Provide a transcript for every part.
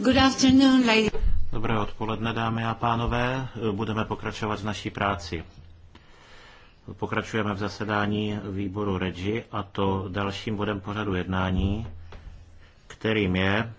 Good afternoon, lady. Dobré odpoledne, dámy a pánové. Budeme pokračovat v naší práci. Pokračujeme v zasedání výboru REGI a to dalším bodem pořadu jednání, kterým je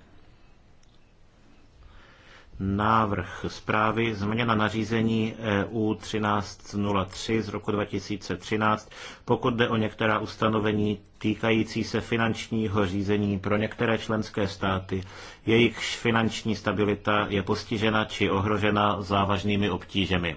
návrh zprávy změna nařízení EU 1303 z roku 2013, pokud jde o některá ustanovení týkající se finančního řízení pro některé členské státy, jejichž finanční stabilita je postižena či ohrožena závažnými obtížemi.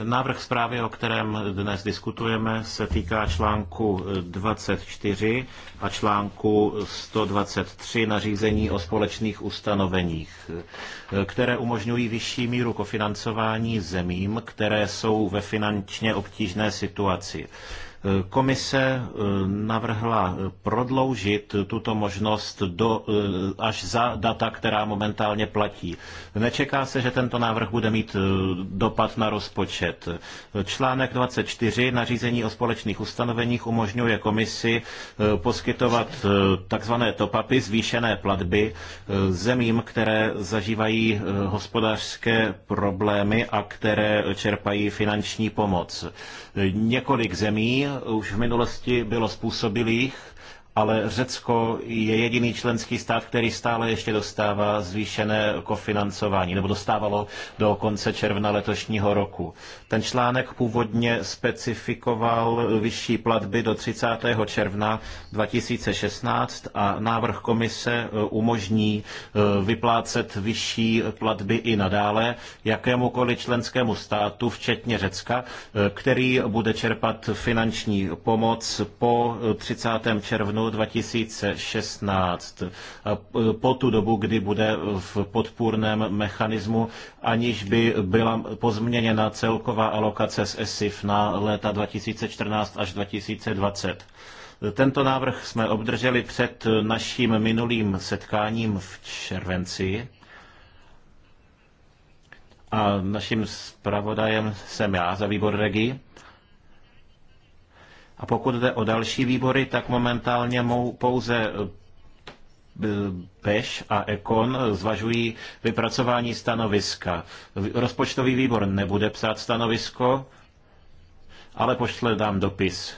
Ten návrh zprávy, o kterém dnes diskutujeme, se týká článku 24 a článku 123 nařízení o společných ustanoveních, které umožňují vyšší míru kofinancování zemím, které jsou ve finančně obtížné situaci. Komise eh, navrhla eh, prodloužit tuto možnost do, eh, až za data, která momentálně platí. Nečeká se, že tento návrh bude mít dopad na rozpočet. Článek 24 nařízení o společných ustanoveních umožňuje komisi poskytovat takzvané topapy, zvýšené platby zemím, které zažívají hospodářské problémy a které čerpají finanční pomoc. Několik zemí už v minulosti bylo způsobilých, ale Řecko je jediný členský stát, který stále ještě dostává zvýšené kofinancování, nebo dostávalo do konce června letošního roku. Ten článek původně specifikoval vyšší platby do 30. června 2016 a návrh komise e, umožní e, vyplácet vyšší platby i nadále jakémukoliv členskému státu, včetně Řecka, e, který bude čerpat finanční pomoc po 30. červnu 2016, po tu dobu, kdy bude v podpůrném mechanismu, aniž by byla pozměněna celková celková alokace z ESIF na léta 2014 až 2020. Tento návrh jsme obdrželi před naším minulým setkáním v červenci. A naším zpravodajem jsem já za výbor Regi. A pokud jde o další výbory, tak momentálně mou pouze Peš a Ekon zvažují vypracování stanoviska. Rozpočtový výbor nebude psát stanovisko, ale pošle dám dopis.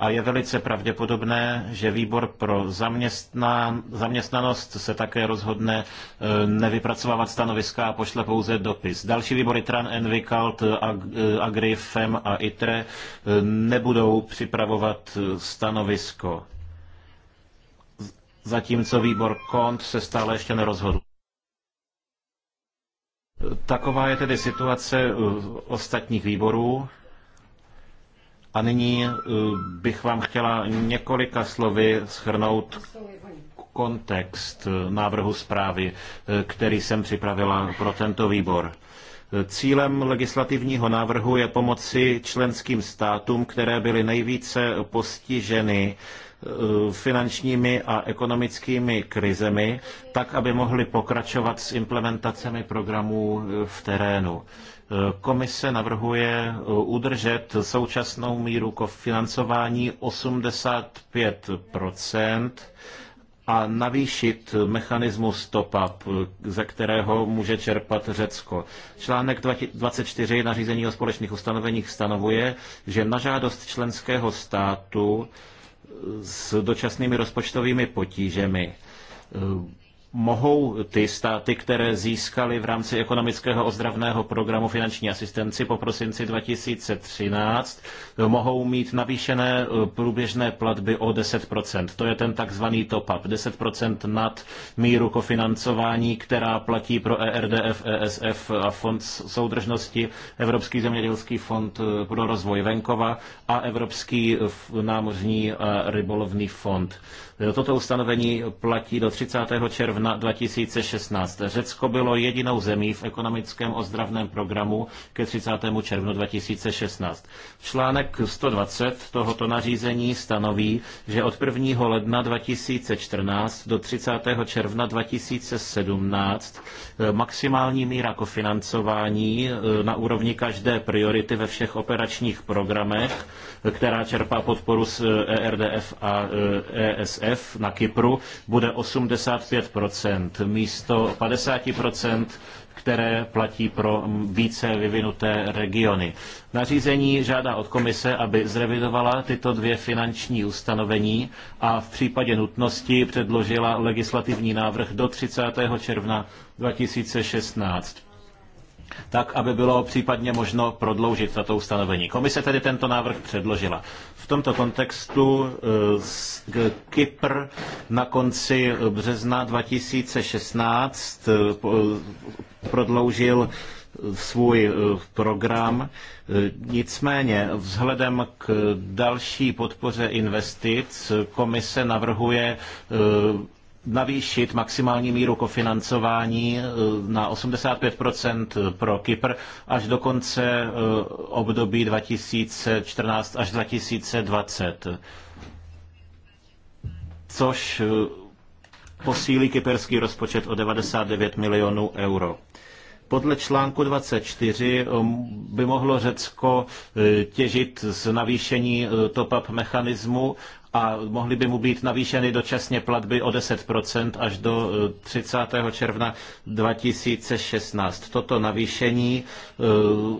A je velice pravděpodobné, že výbor pro zaměstná, zaměstnanost se také rozhodne e, nevypracovávat stanoviska a pošle pouze dopis. Další výbory TRAN, ENVI, KALT, e, AGRI, FEM a ITRE e, nebudou připravovat stanovisko zatímco výbor KONT se stále ještě nerozhodl. Taková je tedy situace uh, ostatních výborů. A nyní uh, bych vám chtěla několika slovy schrnout kontext uh, návrhu zprávy, který jsem připravila pro tento výbor. Cílem legislativního návrhu je pomoci členským státům, které byly nejvíce postiženy Eh, finančními a ekonomickými krizemi, tak aby mohli pokračovat s implementacemi programů eh, v terénu. Eh, komise navrhuje udržet současnou míru financování 85 a navýšit mechanismus top-up, ze kterého může čerpat Řecko. Článek 24 nařízení o společných ustanoveních stanovuje, že na žádost členského státu s dočasnými rozpočtovými potížemi mohou ty státy, které získaly v rámci ekonomického ozdravného programu finanční asistenci po prosinci 2013, mohou mít navýšené eh, průběžné platby o 10%. To je ten takzvaný top-up, 10% nad míru kofinancování, která platí pro ERDF, ESF a Fond soudržnosti, Evropský zemědělský fond eh, pro rozvoj venkova a Evropský eh, námořní a rybolovný fond. Toto ustanovení platí do 30. června 2016. Řecko bylo jedinou zemí v ekonomickém ozdravném programu ke 30. červnu 2016. Článek 120 tohoto nařízení stanoví, že od 1. ledna 2014 do 30. června 2017 eh, maximální míra kofinancování eh, na úrovni každé priority ve všech operačních programech, eh, která čerpá podporu z ERDF e a ESF, e e. EGF na Kypru bude 85% místo 50%, které platí pro více vyvinuté regiony. Nařízení žádá od komise, aby zrevidovala tyto dvě finanční ustanovení a v případě nutnosti předložila legislativní návrh do 30. června 2016 tak, aby bylo případně možno prodloužit tato ustanovení. Komise tedy tento návrh předložila tomto kontextu eh, Kypr na konci března 2016 eh, prodloužil eh, svůj program. Nicméně vzhledem k další podpoře investic komise navrhuje navýšit maximální míru kofinancování eh, na 85 pro Kypr až do konce eh, období 2014 až 2020. Což eh, posílí kyperský rozpočet o 99 milionů euro. Podle článku 24 um, by mohlo Řecko eh, těžit z navýšení eh, top-up mechanismu a mohly by mu být navýšeny dočasně platby o 10% až do 30. Eh, června 2016. Toto navýšení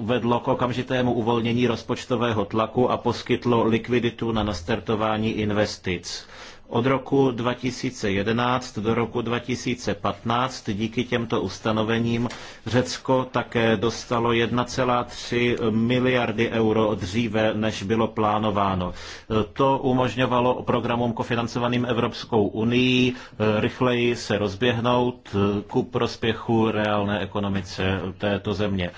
vedlo k okamžitému uvolnění rozpočtového tlaku a poskytlo likviditu na nastartování investic. Od roku 2011 do roku 2015 díky těmto ustanovením Řecko také dostalo 1,3 miliardy euro dříve, než bylo plánováno. To umožňovalo programům kofinancovaným Evropskou unii rychleji se rozběhnout ku prospěchu reálné ekonomice této země.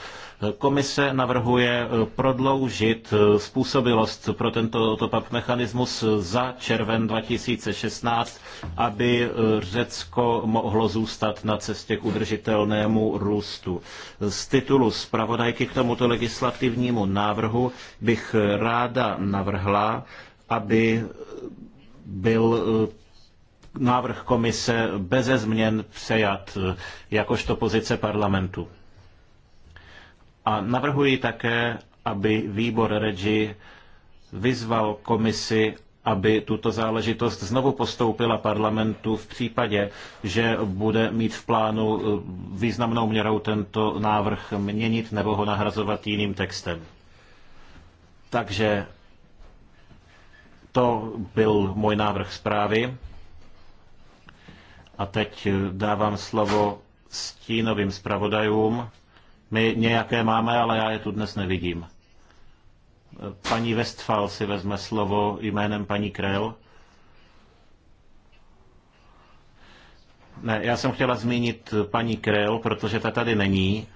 Komise navrhuje eh, prodloužit eh, způsobilost pro tento top-up mechanismus za červen 2016, aby eh, Řecko mohlo zůstat na cestě k udržitelnému růstu. Z titulu zpravodajky k tomuto legislativnímu návrhu bych ráda navrhla, aby byl návrh komise beze změn přejat jakožto pozice parlamentu. A navrhuji také, aby výbor Regi vyzval komisi, aby tuto záležitost znovu postoupila parlamentu v případě, že bude mít v plánu eh, významnou měrou tento návrh měnit nebo ho nahrazovat jiným textem. Takže to byl můj návrh zprávy. A teď eh, dávám slovo stínovým zpravodajům. My nějaké máme, ale já je tu dnes nevidím. Paní Westphal si vezme slovo jménem paní Krell. Ne, já jsem chtěla zmínit paní Krell, protože ta tady není,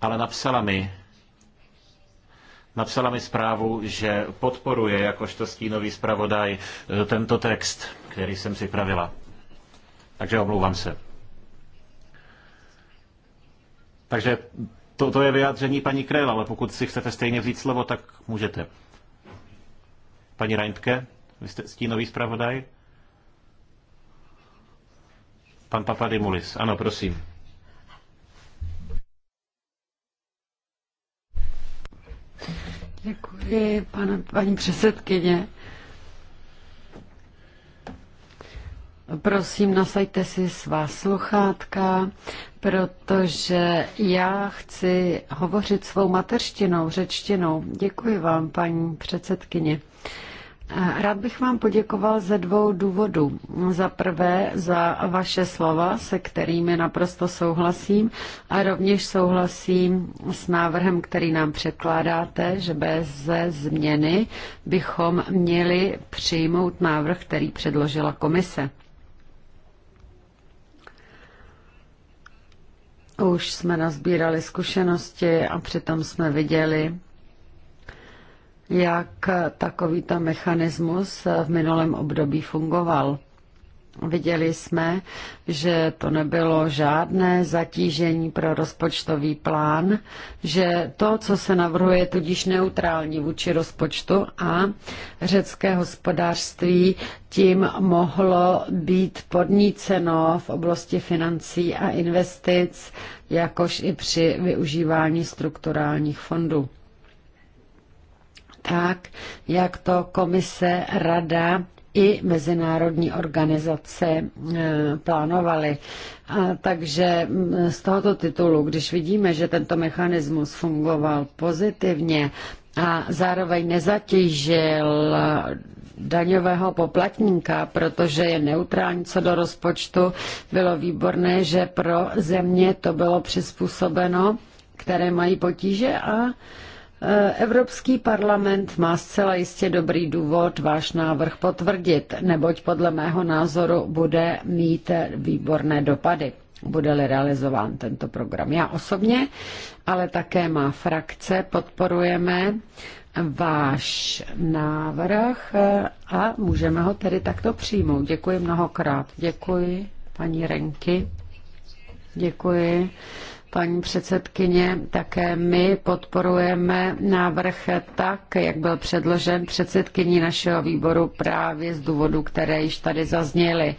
ale napsala mi, napsala mi zprávu, že podporuje jakožto stínový zpravodaj eh, tento text, který jsem připravila. Takže omlouvám se. Takže to, to je vyjádření paní Krejl, ale pokud si chcete stejně vzít slovo, tak můžete. Paní Reintke, vy jste stínový zpravodaj? Pan Papadimulis, ano, prosím. Děkuji, pane, paní předsedkyně. Prosím, nasaďte si svá sluchátka, protože já chci hovořit svou mateřštinou, řečtinou. Děkuji vám, paní předsedkyně. Rád bych vám poděkoval ze dvou důvodů. Za prvé za vaše slova, se kterými naprosto souhlasím a rovněž souhlasím s návrhem, který nám překládáte, že bez změny bychom měli přijmout návrh, který předložila komise. Už jsme nazbírali zkušenosti a přitom jsme viděli, jak takovýto mechanismus v minulém období fungoval. Viděli jsme, že to nebylo žádné zatížení pro rozpočtový plán, že to, co se navrhuje, je tudíž neutrální vůči rozpočtu a řecké hospodářství tím mohlo být podníceno v oblasti financí a investic, jakož i při využívání strukturálních fondů tak, jak to komise, rada i mezinárodní organizace eh, plánovaly. A takže mm, z tohoto titulu, když vidíme, že tento mechanismus fungoval pozitivně a zároveň nezatížil eh, daňového poplatníka, protože je neutrální co do rozpočtu, bylo výborné, že pro země to bylo přizpůsobeno, které mají potíže a Eh, Evropský parlament má zcela jistě dobrý důvod váš návrh potvrdit, neboť podle mého názoru bude mít výborné dopady bude-li realizován tento program. Já osobně, ale také má frakce, podporujeme váš návrh eh, a můžeme ho tedy takto přijmout. Děkuji mnohokrát. Děkuji, paní Renky. Děkuji. Paní předsedkyně, také my podporujeme návrh tak, jak byl předložen předsedkyní našeho výboru právě z důvodu, které již tady zazněly.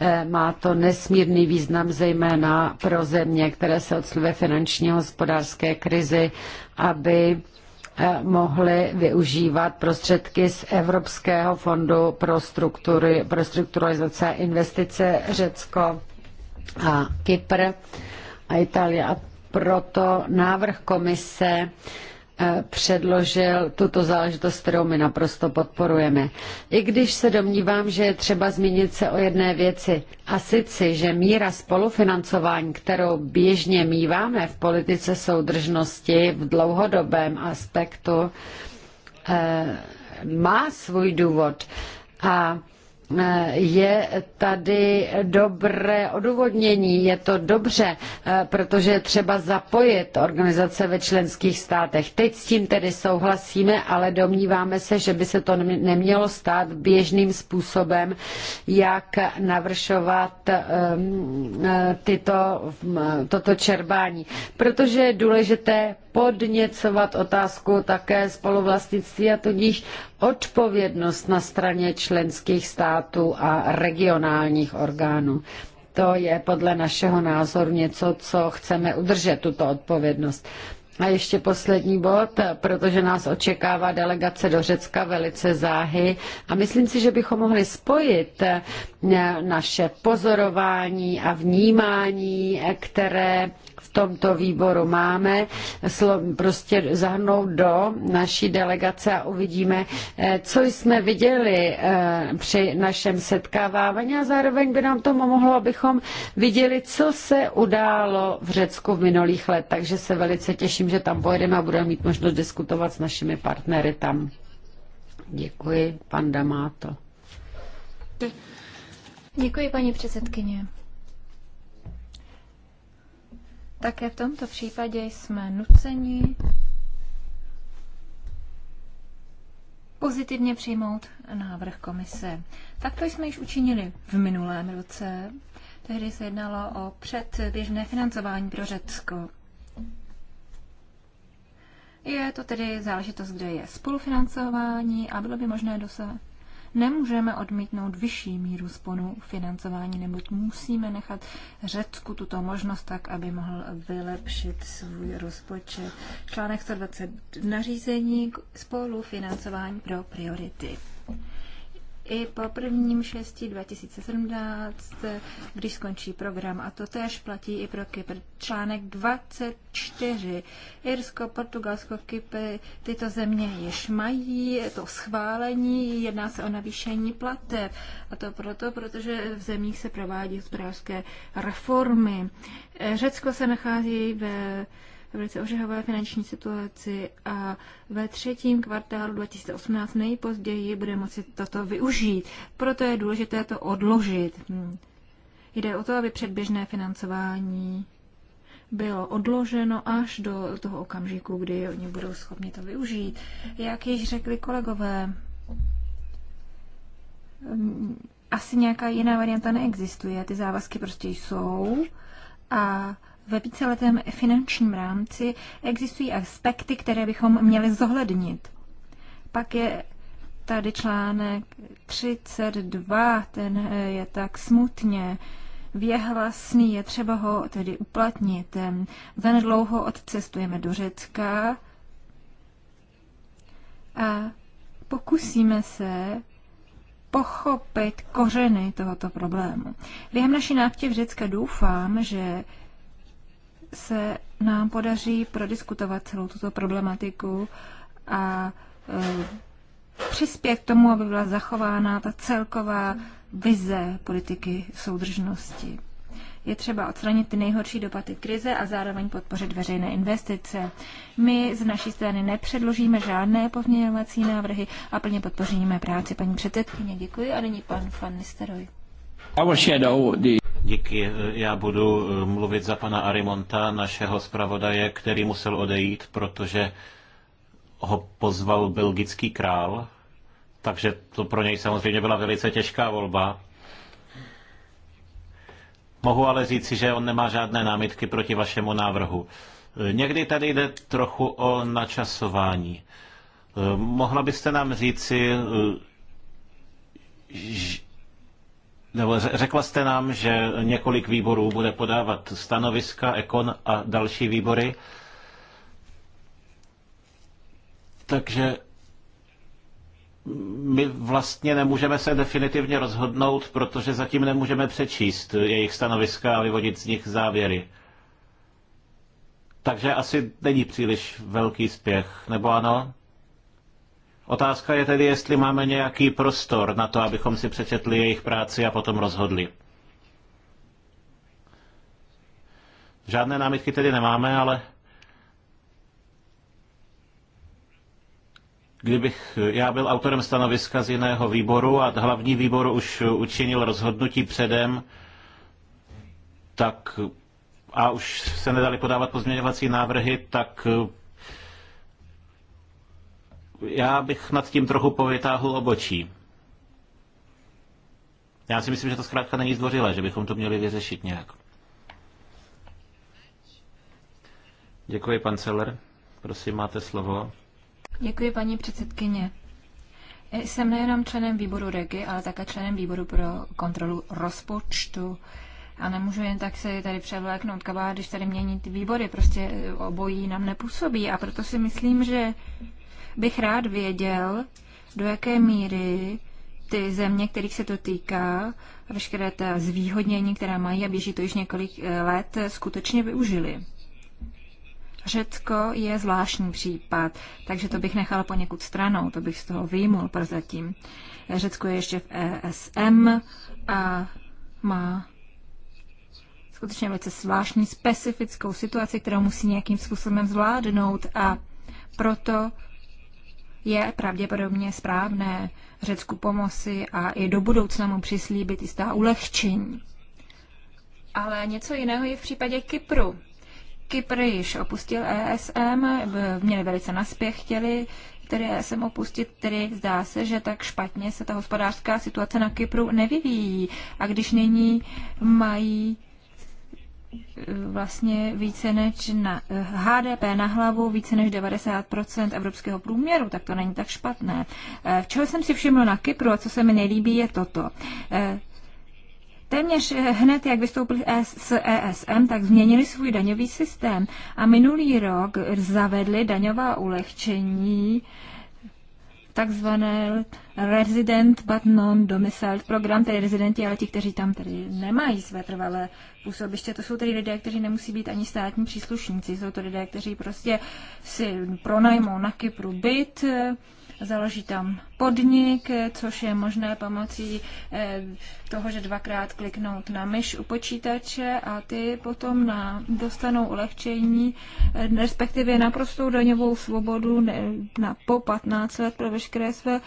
Eh, má to nesmírný význam zejména pro země, které se odsluve finanční hospodářské krizi, aby eh, mohli využívat prostředky z Evropského fondu pro, struktury, pro strukturalizace a investice Řecko a Kypr a Itálie. A proto návrh komise eh, předložil tuto záležitost, kterou my naprosto podporujeme. I když se domnívám, že je třeba zmínit se o jedné věci, a sice, že míra spolufinancování, kterou běžně míváme v politice soudržnosti v dlouhodobém aspektu, eh, má svůj důvod. A je tady dobré odůvodnění, je to dobře, eh, protože je třeba zapojit organizace ve členských státech. Teď s tím tedy souhlasíme, ale domníváme se, že by se to nemělo stát běžným způsobem, jak navršovat eh, eh, tyto, mm, toto čerbání. Protože je důležité podněcovat otázku také spoluvlastnictví a tudíž odpovědnost na straně členských států a regionálních orgánů. To je podle našeho názoru něco, co chceme udržet, tuto odpovědnost. A ještě poslední bod, protože nás očekává delegace do Řecka velice záhy a myslím si, že bychom mohli spojit eh, naše pozorování a vnímání, eh, které v tomto výboru máme, prostě zahrnout do naší delegace a uvidíme, eh, co jsme viděli při našem setkávání a zároveň by nám to mohlo, abychom viděli, co se událo v Řecku v minulých letech. Takže se velice těším těším, že tam pojedeme a budeme mít možnost diskutovat s našimi partnery tam. Děkuji, pan Damato. Děkuji, paní předsedkyně. Také v tomto případě jsme nuceni pozitivně přijmout návrh komise. Takto jsme již učinili v minulém roce. Tehdy se jednalo o předběžné financování pro Řecko. Je to tedy záležitost, kde je spolufinancování a bylo by možné dosáhnout. Nemůžeme odmítnout vyšší míru sponu financování, neboť musíme nechat Řecku tuto možnost tak, aby mohl vylepšit svůj rozpočet. Článek 120 nařízení spolufinancování pro priority i po prvním 6. 2017, když skončí program. A to též platí i pro Kypr. Článek 24. Irsko, Portugalsko, Kypr, tyto země již mají to schválení, jedná se o navýšení plateb. A to proto, protože v zemích se provádí hospodářské reformy. Řecko se nachází ve velice ořehové finanční situaci a ve třetím kvartálu 2018 nejpozději bude moci toto využít. Proto je důležité to odložit. Hmm. Jde o to, aby předběžné financování bylo odloženo až do toho okamžiku, kdy oni budou schopni to využít. Jak již řekli kolegové, hmm, asi nějaká jiná varianta neexistuje. Ty závazky prostě jsou a ve víceletém finančním rámci existují aspekty, které bychom měli zohlednit. Pak je tady článek 32, ten eh, je tak smutně věhlasný, je třeba ho tedy uplatnit. Zanedlouho odcestujeme do Řecka a pokusíme se pochopit kořeny tohoto problému. Během naší návštěvy Řecka doufám, že se nám podaří prodiskutovat celou tuto problematiku a e, přispět k tomu, aby byla zachována ta celková vize politiky soudržnosti. Je třeba odstranit ty nejhorší dopady krize a zároveň podpořit veřejné investice. My z naší strany nepředložíme žádné pozměňovací návrhy a plně podpoříme práci paní předsedkyně. Děkuji a nyní pan Van Nisteroj. Díky. Já budu eh, mluvit za pana Arimonta, našeho zpravodaje, který musel odejít, protože ho pozval belgický král, takže to pro něj samozřejmě byla velice těžká volba. Mohu ale říci, že on nemá žádné námitky proti vašemu návrhu. Eh, někdy tady jde trochu o načasování. Eh, mohla byste nám říci, nebo řekla jste nám, že několik výborů bude podávat stanoviska, ekon a další výbory. Takže my vlastně nemůžeme se definitivně rozhodnout, protože zatím nemůžeme přečíst jejich stanoviska a vyvodit z nich závěry. Takže asi není příliš velký spěch, nebo ano? Otázka je tedy, jestli máme nějaký prostor na to, abychom si přečetli jejich práci a potom rozhodli. Žádné námitky tedy nemáme, ale kdybych já byl autorem stanoviska z jiného výboru a hlavní výbor už učinil rozhodnutí předem, tak a už se nedali podávat pozměňovací návrhy, tak já bych nad tím trochu povytáhl obočí. Já si myslím, že to zkrátka není zdvořilé, že bychom to měli vyřešit nějak. Děkuji, pan Celer. Prosím, máte slovo. Děkuji, paní předsedkyně. Jsem nejenom členem výboru REGI, ale také členem výboru pro kontrolu rozpočtu. A nemůžu jen tak se tady převléknout kabát, když tady ty výbory. Prostě eh, obojí nám nepůsobí. A proto si myslím, že bych rád věděl, do jaké míry ty země, kterých se to týká, veškeré ta zvýhodnění, která mají a běží to již několik eh, let, skutečně využili. Řecko je zvláštní případ, takže to bych nechala poněkud stranou, to bych z toho výjimul prozatím. Řecko je ještě v ESM a má skutečně velice zvláštní, specifickou situaci, kterou musí nějakým způsobem zvládnout a proto je pravděpodobně správné Řecku pomoci a i do budoucna mu přislíbit jistá ulehčení. Ale něco jiného je v případě Kypru. Kypr již opustil ESM, měli velice naspěch, chtěli tedy ESM opustit, tedy zdá se, že tak špatně se ta hospodářská situace na Kypru nevyvíjí. A když nyní mají vlastně více než na HDP na hlavu více než 90% evropského průměru, tak to není tak špatné. V eh, čeho jsem si všiml na Kypru a co se mi nelíbí je toto. Eh, téměř eh, hned, jak vystoupili s ESM, tak změnili svůj daňový systém a minulý rok zavedli daňová ulehčení, takzvané resident but non domiciled program, tedy rezidenti, ale ti, kteří tam tedy nemají své trvalé působiště. To jsou tedy lidé, kteří nemusí být ani státní příslušníci. Jsou to lidé, kteří prostě si pronajmou na Kypru byt, založí tam podnik, což je možné pomocí eh, toho, že dvakrát kliknout na myš u počítače a ty potom na, dostanou ulehčení, eh, respektive naprostou daňovou svobodu na po 15 let pro veškeré své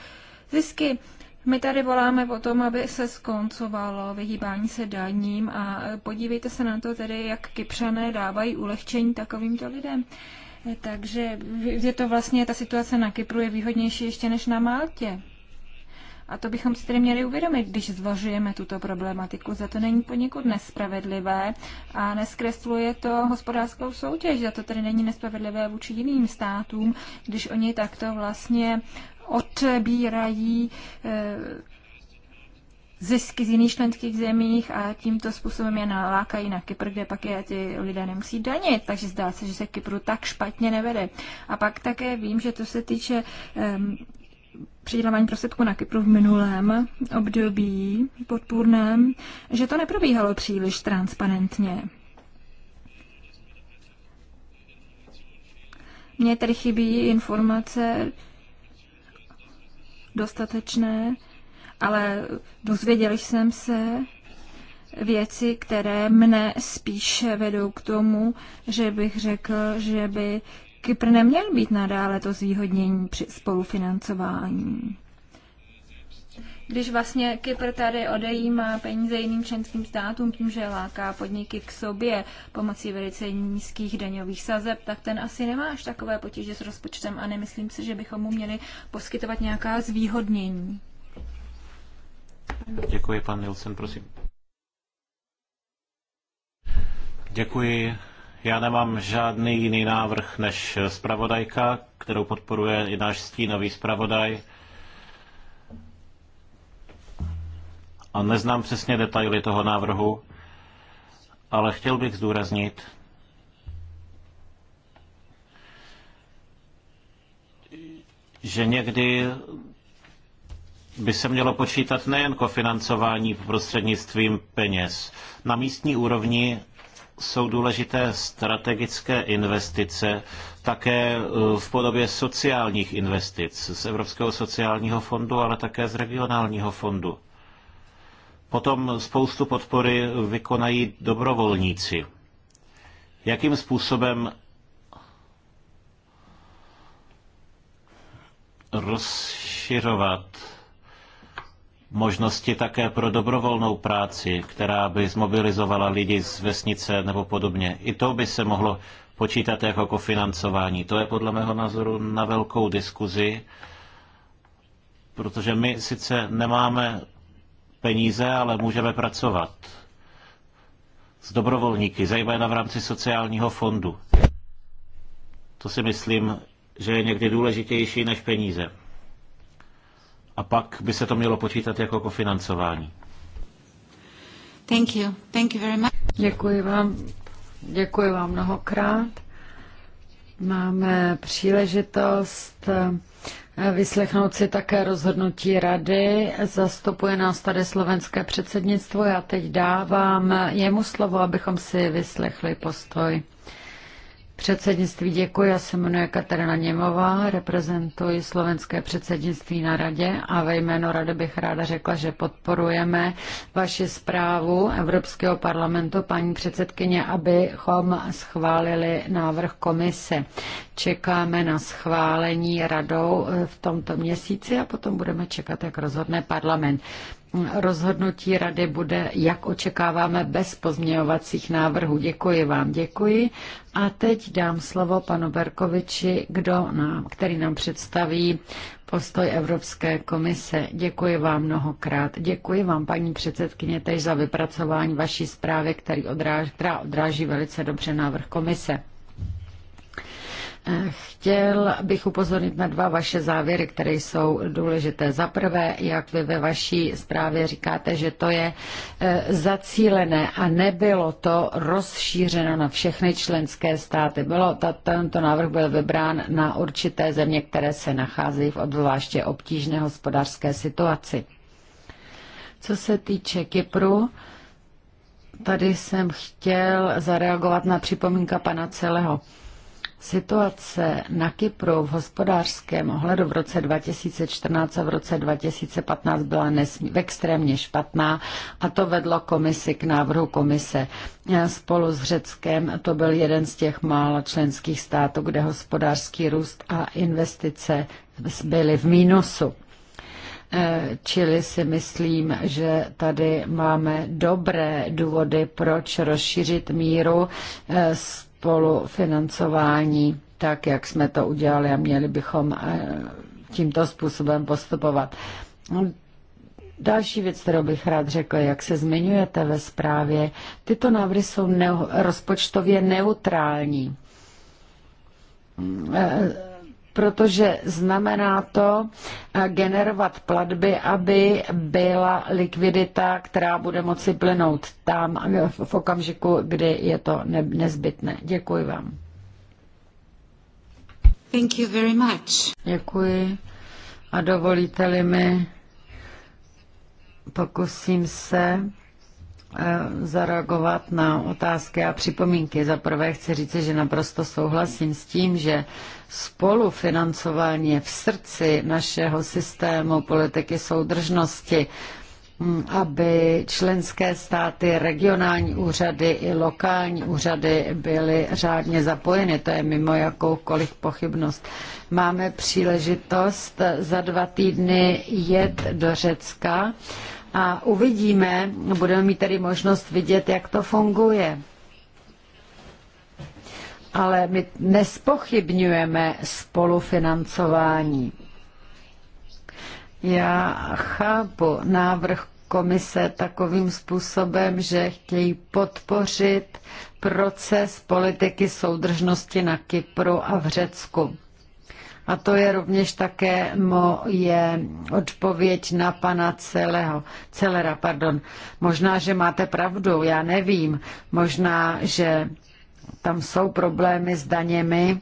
zisky. My tady voláme o tom, aby se skoncovalo vyhýbání se daním a e, podívejte se na to tedy, jak Kypřané dávají ulehčení takovýmto lidem. E, takže je to vlastně, ta situace na Kypru je výhodnější ještě než na Maltě. A to bychom si tedy měli uvědomit, když zvažujeme tuto problematiku. Za to není poněkud nespravedlivé a neskresluje to hospodářskou soutěž. Za to tedy není nespravedlivé vůči jiným státům, když oni takto vlastně odbírají eh, zisky z jiných členských zemích a tímto způsobem je nalákají na Kypr, kde pak je ty lidé nemusí danit. Takže zdá se, že se Kypru tak špatně nevede. A pak také vím, že to se týče um, ehm, přidělávání prostředků na Kypru v minulém období podpůrném, že to neprobíhalo příliš transparentně. Mně tedy chybí informace dostatečné, ale dozvěděl jsem se věci, které mne spíše vedou k tomu, že bych řekl, že by Kypr neměl být nadále to zvýhodnění při spolufinancování když vlastně Kypr tady odejímá peníze jiným členským státům tím, že láká podniky k sobě pomocí velice nízkých daňových sazeb, tak ten asi nemá až takové potíže s rozpočtem a nemyslím si, že bychom mu měli poskytovat nějaká zvýhodnění. Děkuji, pan Nilsen, prosím. Děkuji. Já nemám žádný jiný návrh než zpravodajka, kterou podporuje i náš stínový zpravodaj. a neznám přesně detaily toho návrhu, ale chtěl bych zdůraznit, že někdy by se mělo počítat nejen kofinancování prostřednictvím peněz. Na místní úrovni jsou důležité strategické investice, také e, v podobě sociálních investic z Evropského sociálního fondu, ale také z regionálního fondu. Potom spoustu podpory vykonají dobrovolníci. Jakým způsobem rozšiřovat možnosti také pro dobrovolnou práci, která by zmobilizovala lidi z vesnice nebo podobně. I to by se mohlo počítat jako kofinancování. To je podle mého názoru na velkou diskuzi, protože my sice nemáme peníze, ale můžeme pracovat s dobrovolníky, zejména v rámci sociálního fondu. To si myslím, že je někdy důležitější než peníze. A pak by se to mělo počítat jako kofinancování. Thank you. Thank you very much. Děkuji vám. Děkuji vám mnohokrát. Máme příležitost eh, vyslechnout si také rozhodnutí rady. Zastupuje nás tady slovenské předsednictvo. Já teď dávám jemu slovo, abychom si vyslechli postoj předsednictví děkuji. Já se jmenuji Katarina Němová, reprezentuji slovenské předsednictví na radě a ve jménu rady bych ráda řekla, že podporujeme vaši zprávu Evropského parlamentu, paní předsedkyně, abychom schválili návrh komise. Čekáme na schválení radou v tomto měsíci a potom budeme čekat, jak rozhodne parlament rozhodnutí rady bude, jak očekáváme, bez pozměňovacích návrhů. Děkuji vám, děkuji. A teď dám slovo panu Berkoviči, kdo nám, který nám představí postoj Evropské komise. Děkuji vám mnohokrát. Děkuji vám, paní předsedkyně, tež za vypracování vaší zprávy, který odráž, která odráží velice dobře návrh komise. Chtěl bych upozornit na dva vaše závěry, které jsou důležité. Za prvé, jak vy ve vaší zprávě říkáte, že to je eh, zacílené a nebylo to rozšířeno na všechny členské státy. Bylo, tento návrh byl vybrán na určité země, které se nacházejí v obzvláště obtížné hospodářské situaci. Co se týče Kypru, tady jsem chtěl zareagovat na připomínka pana Celého. Situace na Kypru v hospodářském ohledu v roce 2014 a v roce 2015 byla nesmí, extrémně špatná a to vedlo komisi k návrhu komise. Spolu s Řeckem to byl jeden z těch mála členských států, kde hospodářský růst a investice byly v mínusu. Eh, čili si myslím, že tady máme dobré důvody, proč rozšířit míru eh, s spolufinancování, tak jak jsme to udělali a měli bychom eh, tímto způsobem postupovat. No, další věc, kterou bych rád řekl, jak se zmiňujete ve zprávě, tyto návrhy jsou ne- rozpočtově neutrální. E protože znamená to eh, generovat platby, aby byla likvidita, která bude moci plynout tam eh, v okamžiku, kdy je to nezbytné. Děkuji vám. Thank you very much. Děkuji. A dovolíte-li mi, pokusím se eh, zareagovat na otázky a připomínky. Za prvé chci říct, že naprosto souhlasím s tím, že Spolufinancování v srdci našeho systému politiky soudržnosti hm, aby členské státy, regionální úřady i lokální úřady byly řádně zapojeny. To je mimo jakoukoliv pochybnost. Máme příležitost za dva týdny jet do Řecka a uvidíme, budeme mít tedy možnost vidět, jak to funguje ale my nespochybňujeme spolufinancování. Já chápu návrh komise takovým způsobem, že chtějí podpořit proces politiky soudržnosti na Kypru a v Řecku. A to je rovněž také moje odpověď na pana Celého, Celera. Pardon. Možná, že máte pravdu, já nevím. Možná, že tam jsou problémy s daněmi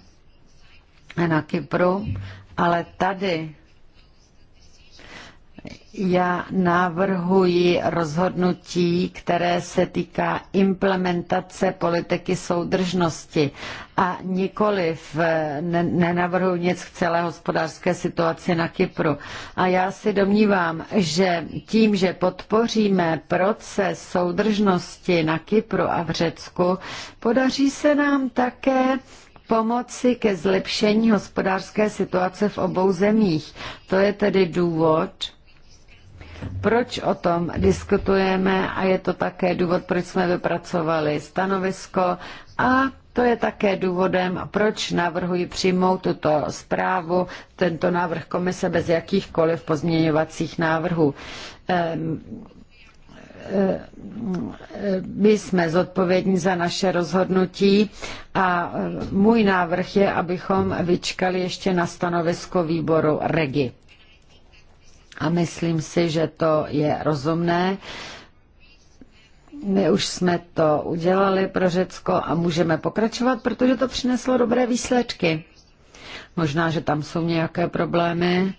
na Kypru, ale tady já navrhuji rozhodnutí, které se týká implementace politiky soudržnosti a nikoliv eh, nenavrhu nic k celé hospodářské situaci na Kypru. A já si domnívám, že tím, že podpoříme proces soudržnosti na Kypru a v Řecku, podaří se nám také pomoci ke zlepšení hospodářské situace v obou zemích. To je tedy důvod, proč o tom diskutujeme a je to také důvod, proč jsme vypracovali stanovisko a to je také důvodem, proč navrhuji přijmout tuto zprávu, tento návrh komise bez jakýchkoliv pozměňovacích návrhů. Ehm, ehm, my jsme zodpovědní za naše rozhodnutí a můj návrh je, abychom vyčkali ještě na stanovisko výboru REGI. A myslím si, že to je rozumné. My už jsme to udělali pro Řecko a můžeme pokračovat, protože to přineslo dobré výsledky. Možná, že tam jsou nějaké problémy,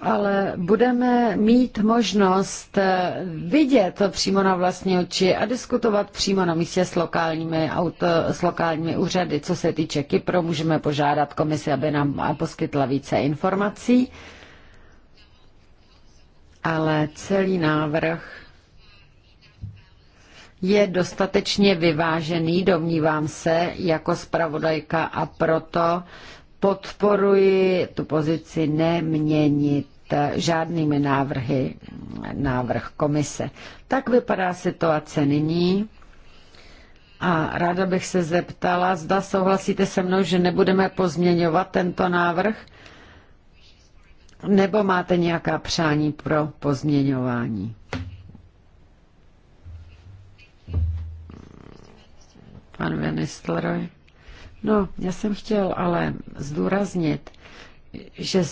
ale budeme mít možnost eh, vidět to přímo na vlastní oči a diskutovat přímo na místě s lokálními, auto, s lokálními úřady. Co se týče Kypru, můžeme požádat komisi, aby nám poskytla více informací ale celý návrh je dostatečně vyvážený, domnívám se, jako zpravodajka a proto podporuji tu pozici neměnit žádnými návrhy návrh komise. Tak vypadá situace nyní. A ráda bych se zeptala, zda souhlasíte se mnou, že nebudeme pozměňovat tento návrh, nebo máte nějaká přání pro pozměňování? Pan Venistleroy? No, já jsem chtěl ale zdůraznit, že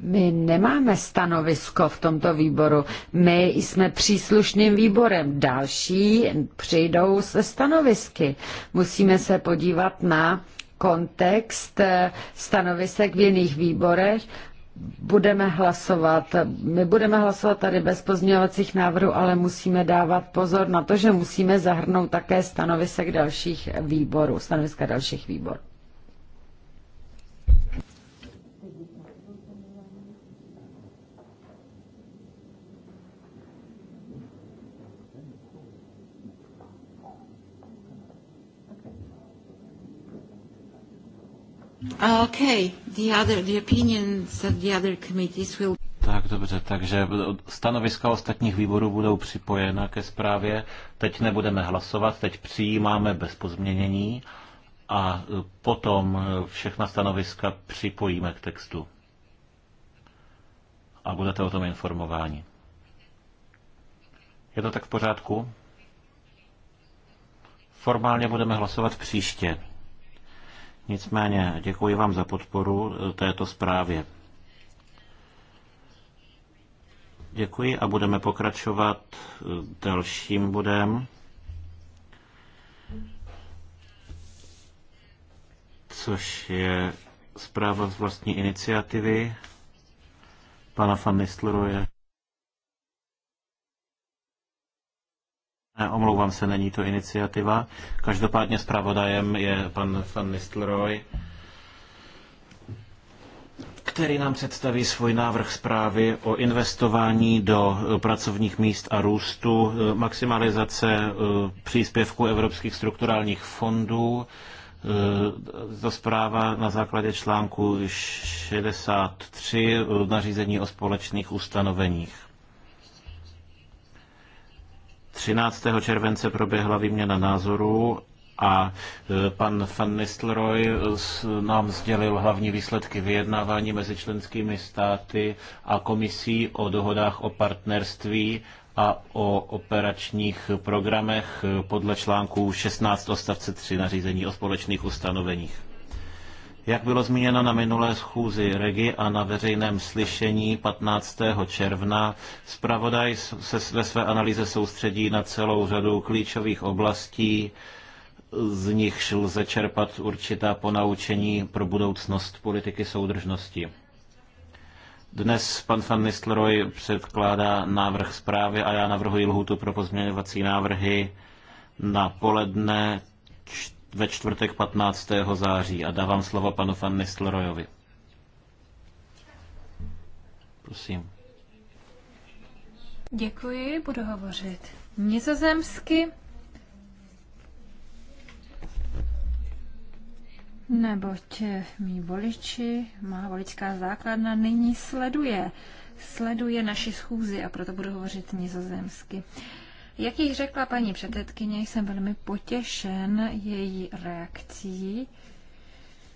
my nemáme stanovisko v tomto výboru. My jsme příslušným výborem. Další přijdou se stanovisky. Musíme se podívat na kontext eh, stanovisek v jiných výborech. Budeme hlasovat, my budeme hlasovat tady bez pozměňovacích návrhů, ale musíme dávat pozor na to, že musíme zahrnout také stanovisek dalších výborů, stanoviska dalších výborů. Okay. The other, the opinions of the other committees will... Tak dobře, takže stanoviska ostatních výborů budou připojena ke zprávě. Teď nebudeme hlasovat, teď přijímáme bez pozměnění a e, potom e, všechna stanoviska připojíme k textu. A budete o tom informováni. Je to tak v pořádku? Formálně budeme hlasovat příště. Nicméně děkuji vám za podporu eh, této zprávě. Děkuji a budeme pokračovat eh, dalším bodem. Což je zpráva z vlastní iniciativy pana van Nistleroje. Omlouvám se, není to iniciativa. Každopádně zpravodajem je pan Van Nistelrooy, který nám představí svůj návrh zprávy o investování do pracovních míst a růstu, maximalizace eh, příspěvku evropských strukturálních fondů. Eh, to zpráva na základě článku 63 eh, nařízení o společných ustanoveních. 13. července proběhla výměna názorů a e, pan Van Nistelrooy e, nám sdělil hlavní výsledky vyjednávání mezi členskými státy a komisí o dohodách o partnerství a o operačních programech e, podle článku 16 odstavce 3 nařízení o společných ustanoveních. Jak bylo zmíněno na minulé schůzi Regi a na veřejném slyšení 15. června, zpravodaj se ve své analýze soustředí na celou řadu klíčových oblastí, z nichž lze čerpat určitá ponaučení pro budoucnost politiky soudržnosti. Dnes pan van Nistelrooy předkládá návrh zprávy a já navrhuji lhůtu pro pozměňovací návrhy na poledne 4 ve čtvrtek 15. září a dávám slovo panu Van Nistelrojovi. Prosím. Děkuji, budu hovořit nizozemsky. Neboť mý voliči, má voličská základna nyní sleduje. Sleduje naši schůzi a proto budu hovořit nizozemsky. Uh, jak již řekla paní předsedkyně, jsem velmi potěšen její reakcí.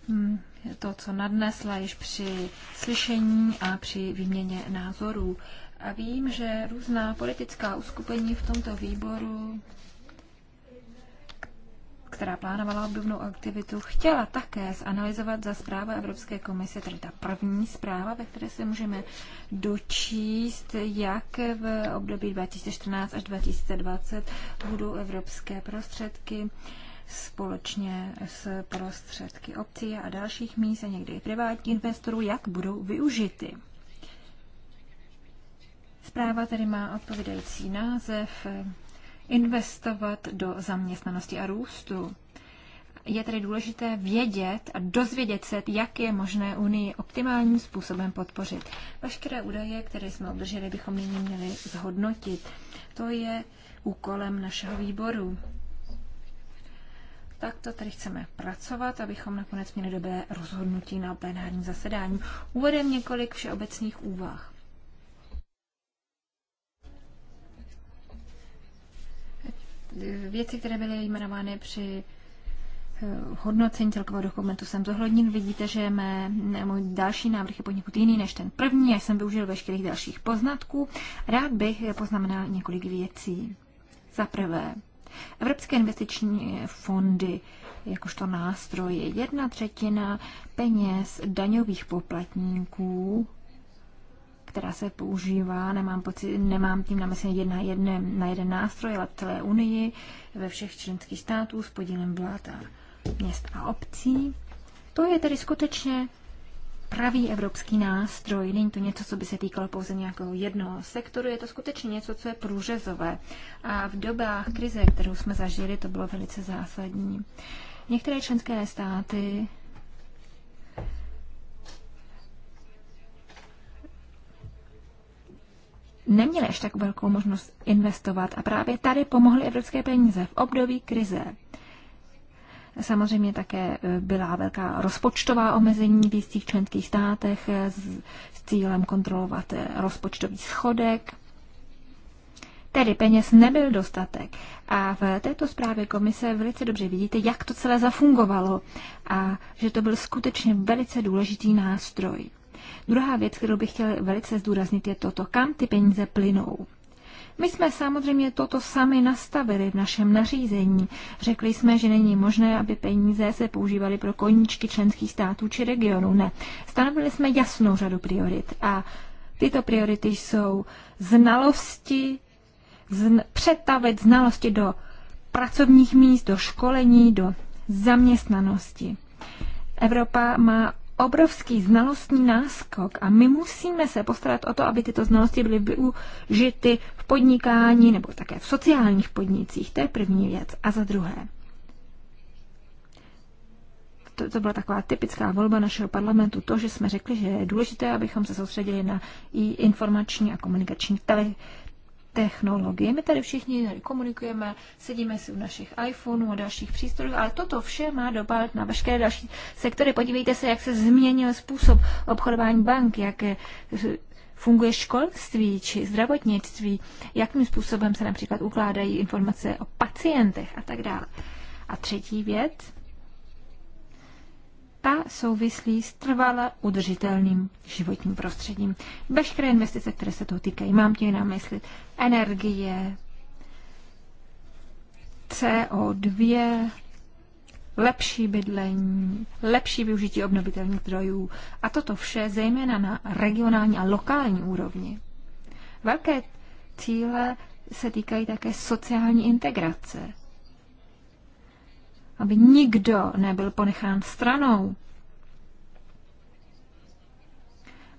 Hmm, to, co nadnesla již při slyšení a při výměně názorů. A vím, že různá politická uskupení v tomto výboru která plánovala obdobnou aktivitu, chtěla také zanalizovat za zpráva Evropské komise, tedy ta první zpráva, ve které se můžeme dočíst, jak v období 2014 až 2020 budou evropské prostředky společně s prostředky obcí a dalších míst a někdy i privátních investorů, jak budou využity. Zpráva tedy má odpovídající název investovat do zaměstnanosti a růstu. Je tedy důležité vědět a dozvědět se, jak je možné Unii optimálním způsobem podpořit. Veškeré údaje, které jsme obdrželi, bychom nyní měli zhodnotit. To je úkolem našeho výboru. Tak to tady chceme pracovat, abychom nakonec měli dobré rozhodnutí na plenárním zasedání. Uvedem několik všeobecných úvah. věci, které byly jmenovány při eh, hodnocení celkového dokumentu jsem zohlednil. Vidíte, že mé, můj další návrh je poněkud jiný než ten první. Já jsem využil veškerých dalších poznatků. Rád bych poznamenal několik věcí. Za prvé, Evropské investiční fondy jakožto nástroje. Jedna třetina peněz daňových poplatníků která se používá, nemám, pocit, nemám tím na mysli jedna, jedne, na jeden nástroj, ale celé Unii, ve všech členských států s podílem vlád a měst a obcí. To je tedy skutečně pravý evropský nástroj. Není to něco, co by se týkalo pouze nějakého jednoho sektoru, je to skutečně něco, co je průřezové. A v dobách krize, kterou jsme zažili, to bylo velice zásadní. Některé členské státy neměli až tak velkou možnost investovat a právě tady pomohly evropské peníze v období krize. Samozřejmě také e, byla velká rozpočtová omezení v jistých členských státech e, s, s cílem kontrolovat e, rozpočtový schodek. Tedy peněz nebyl dostatek. A v této zprávě komise velice dobře vidíte, jak to celé zafungovalo a že to byl skutečně velice důležitý nástroj. Druhá věc, kterou bych chtěl velice zdůraznit, je toto, kam ty peníze plynou. My jsme samozřejmě toto sami nastavili v našem nařízení. Řekli jsme, že není možné, aby peníze se používaly pro koníčky členských států či regionů. Ne. Stanovili jsme jasnou řadu priorit a tyto priority jsou znalosti, zn- přetavit znalosti do pracovních míst, do školení, do zaměstnanosti. Evropa má obrovský znalostní náskok a my musíme se postarat o to, aby tyto znalosti byly využity v podnikání nebo také v sociálních podnicích. To je první věc. A za druhé, to, to byla taková typická volba našeho parlamentu, to, že jsme řekli, že je důležité, abychom se soustředili na i informační a komunikační tele, technologie. My tady všichni komunikujeme, sedíme si u našich iPhoneů a dalších přístrojů, ale toto vše má dopad na veškeré další sektory. Podívejte se, jak se změnil způsob obchodování bank, jak funguje školství či zdravotnictví, jakým způsobem se například ukládají informace o pacientech a tak dále. A třetí věc, ta souvislí s trvale udržitelným životním prostředím. Veškeré investice, které se toho týkají, mám tě na mysli energie, CO2, lepší bydlení, lepší využití obnovitelných zdrojů a toto vše zejména na regionální a lokální úrovni. Velké cíle se týkají také sociální integrace aby nikdo nebyl ponechán stranou.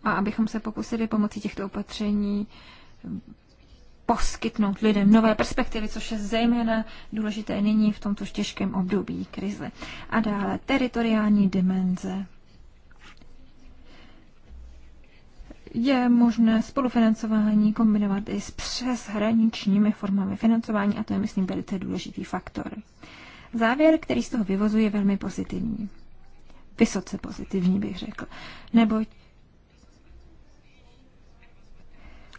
A abychom se pokusili pomocí těchto opatření poskytnout lidem nové perspektivy, což je zejména důležité nyní v tomto těžkém období krize. A dále teritoriální dimenze. je možné spolufinancování kombinovat i s přeshraničními formami financování a to je, myslím, velice důležitý faktor. Závěr, který z toho vyvozuje, je velmi pozitivní. Vysoce pozitivní, bych řekl. Neboť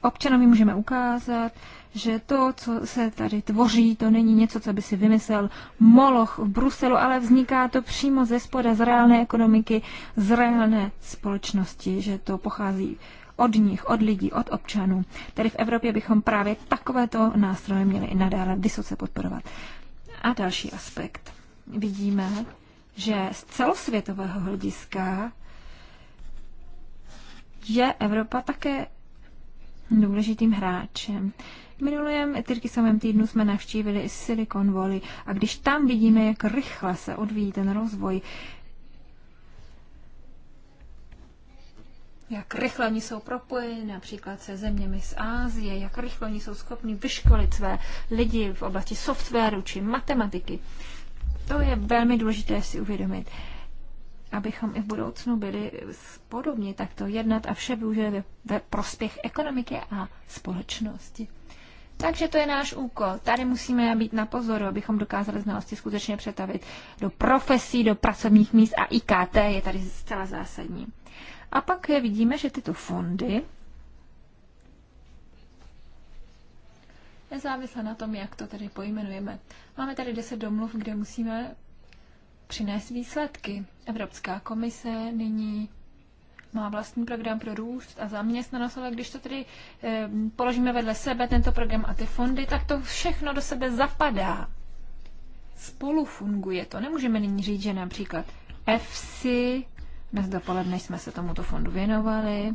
občanovi můžeme ukázat, že to, co se tady tvoří, to není něco, co by si vymyslel Moloch v Bruselu, ale vzniká to přímo ze spoda, z reálné ekonomiky, z reálné společnosti, že to pochází od nich, od lidí, od občanů. Tedy v Evropě bychom právě takovéto nástroje měli i nadále vysoce podporovat. A další aspekt. Vidíme, že z celosvětového hlediska je Evropa také důležitým hráčem. V minulém Tyrkisovém týdnu jsme navštívili Silicon Valley a když tam vidíme, jak rychle se odvíjí ten rozvoj, jak rychle oni jsou propojeni například se zeměmi z Ázie, jak rychle oni jsou schopni vyškolit své lidi v oblasti softwaru či matematiky. To je velmi důležité si uvědomit, abychom i v budoucnu byli podobně takto jednat a vše využili ve prospěch ekonomiky a společnosti. Takže to je náš úkol. Tady musíme být na pozoru, abychom dokázali znalosti skutečně přetavit do profesí, do pracovních míst a IKT je tady zcela zásadní. A pak vidíme, že tyto fondy nezávisle na tom, jak to tedy pojmenujeme. Máme tady 10 domluv, kde musíme přinést výsledky. Evropská komise nyní má vlastní program pro růst a zaměstnanost, ale když to tedy e, položíme vedle sebe, tento program a ty fondy, tak to všechno do sebe zapadá. Spolu funguje to. Nemůžeme nyní říct, že například EFSI dnes dopoledne jsme se tomuto fondu věnovali,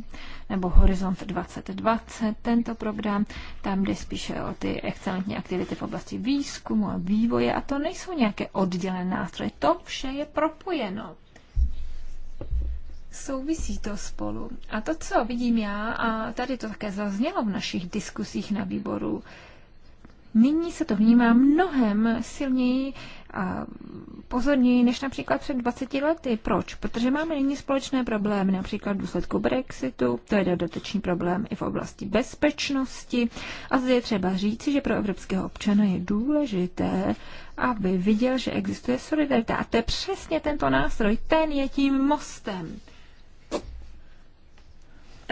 nebo Horizont 2020, tento program, tam jde spíše o ty excelentní aktivity v oblasti výzkumu a vývoje a to nejsou nějaké oddělené nástroje, to vše je propojeno. Souvisí to spolu. A to, co vidím já, a tady to také zaznělo v našich diskusích na výboru, nyní se to vnímá mnohem silněji a pozorněji než například před 20 lety. Proč? Protože máme nyní společné problémy, například v důsledku Brexitu, to je dodatečný problém i v oblasti bezpečnosti. A zde je třeba říci, že pro evropského občana je důležité, aby viděl, že existuje solidarita. A to je přesně tento nástroj, ten je tím mostem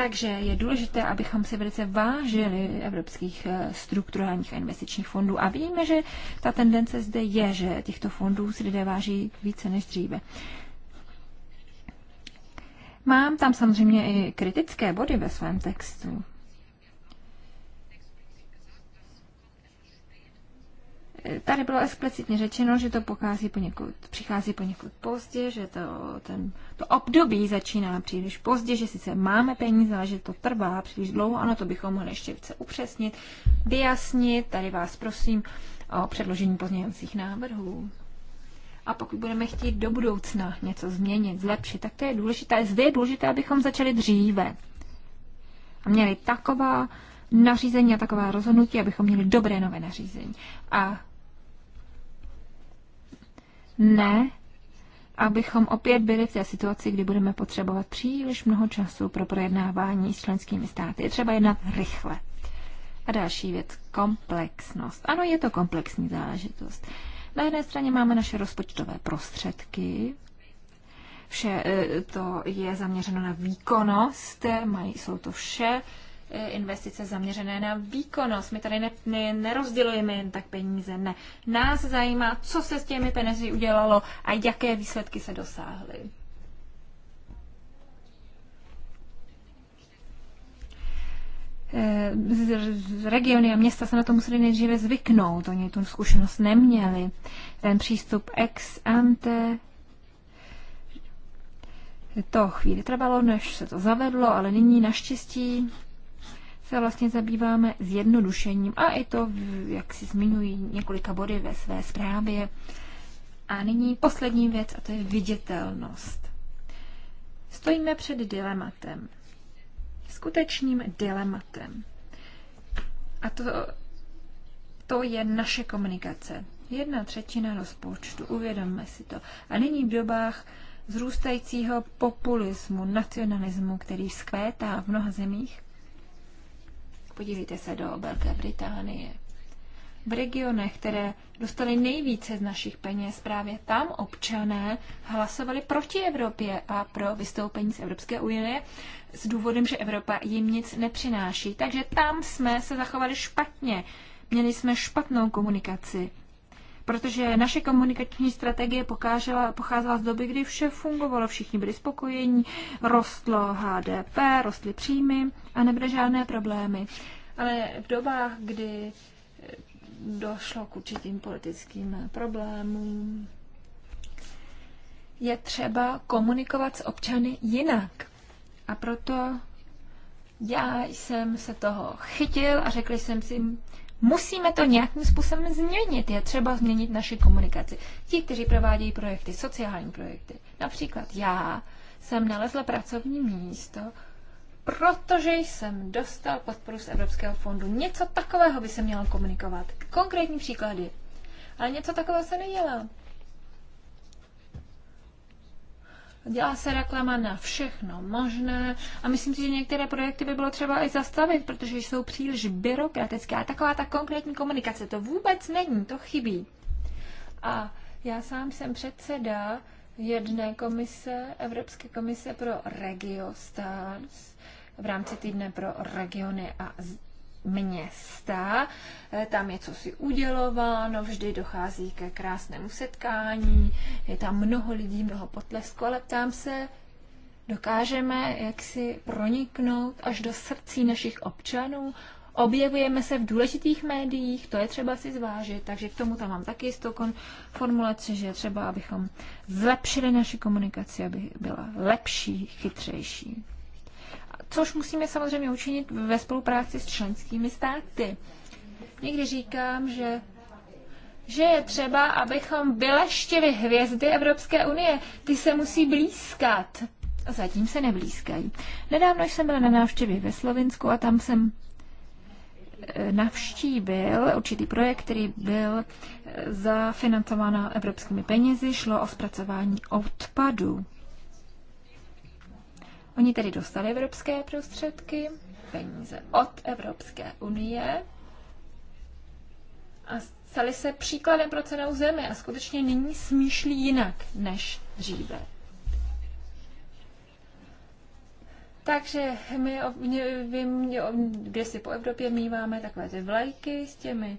takže je důležité, abychom si velice vážili evropských eh, strukturálních a investičních fondů. A víme, že ta tendence zde je, že těchto fondů si lidé váží více než dříve. Mám tam samozřejmě i kritické body ve svém textu. Tady bylo explicitně řečeno, že to pochází poněkud, přichází poněkud pozdě, že to, ten, to období začíná příliš pozdě, že sice máme peníze, ale že to trvá příliš dlouho. Ano, to bychom mohli ještě více upřesnit, vyjasnit. Tady vás prosím o předložení pozměňovacích návrhů. A pokud budeme chtít do budoucna něco změnit, zlepšit, tak to je důležité. Zde je důležité, abychom začali dříve. A měli taková nařízení a taková rozhodnutí, abychom měli dobré nové nařízení. A ne, abychom opět byli v té situaci, kdy budeme potřebovat příliš mnoho času pro projednávání s členskými státy. Je třeba jednat rychle. A další věc, komplexnost. Ano, je to komplexní záležitost. Na jedné straně máme naše rozpočtové prostředky, vše eh, to je zaměřeno na výkonnost, mají, jsou to vše investice zaměřené na výkonnost. My tady ne, ne, nerozdělujeme jen tak peníze, ne. Nás zajímá, co se s těmi penězi udělalo a jaké výsledky se dosáhly. Eh, z regiony a města se na to museli nejdříve zvyknout. Oni tu zkušenost neměli. Ten přístup ex ante to chvíli trvalo, než se to zavedlo, ale nyní naštěstí se vlastně zabýváme zjednodušením a i to, jak si zmiňují několika body ve své zprávě. A nyní poslední věc, a to je viditelnost. Stojíme před dilematem. Skutečným dilematem. A to, to je naše komunikace. Jedna třetina rozpočtu, uvědomme si to. A nyní v dobách zrůstajícího populismu, nacionalismu, který zkvétá v mnoha zemích, Podívejte se do Velké Británie. V regionech, které dostaly nejvíce z našich peněz, právě tam občané hlasovali proti Evropě a pro vystoupení z Evropské unie s důvodem, že Evropa jim nic nepřináší. Takže tam jsme se zachovali špatně. Měli jsme špatnou komunikaci protože naše komunikační strategie pokážela, pocházela z doby, kdy vše fungovalo, všichni byli spokojení, rostlo HDP, rostly příjmy a nebyly žádné problémy. Ale v dobách, kdy došlo k určitým politickým problémům, je třeba komunikovat s občany jinak. A proto já jsem se toho chytil a řekl jsem si, Musíme to nějakým způsobem změnit. Je třeba změnit naši komunikaci. Ti, kteří provádějí projekty, sociální projekty. Například já jsem nalezla pracovní místo, protože jsem dostal podporu z Evropského fondu. Něco takového by se mělo komunikovat. Konkrétní příklady. Ale něco takového se nedělá. Dělá se reklama na všechno možné a myslím si, že některé projekty by bylo třeba i zastavit, protože jsou příliš byrokratické a taková ta konkrétní komunikace to vůbec není, to chybí. A já sám jsem předseda jedné komise, Evropské komise pro Regiostars v rámci týdne pro regiony a města. Eh, tam je co si udělováno, vždy dochází ke krásnému setkání, je tam mnoho lidí, mnoho potlesku, ale ptám se, dokážeme jaksi proniknout až do srdcí našich občanů, objevujeme se v důležitých médiích, to je třeba si zvážit, takže k tomu tam mám taky jistou formulaci, že třeba, abychom zlepšili naši komunikaci, aby byla lepší, chytřejší což musíme samozřejmě učinit ve spolupráci s členskými státy. Někdy říkám, že že je třeba, abychom vyleštili hvězdy Evropské unie. Ty se musí blízkat. A zatím se neblízkají. Nedávno jsem byla na návštěvě ve Slovensku a tam jsem e, navštívil určitý projekt, který byl e, zafinancován evropskými penězi. Šlo o zpracování odpadu. Oni tedy dostali evropské prostředky, peníze od Evropské unie a stali se příkladem pro cenou zemi a skutečně nyní smýšlí jinak než dříve. Takže my, my, my kde si po Evropě míváme takové ty vlajky s těmi,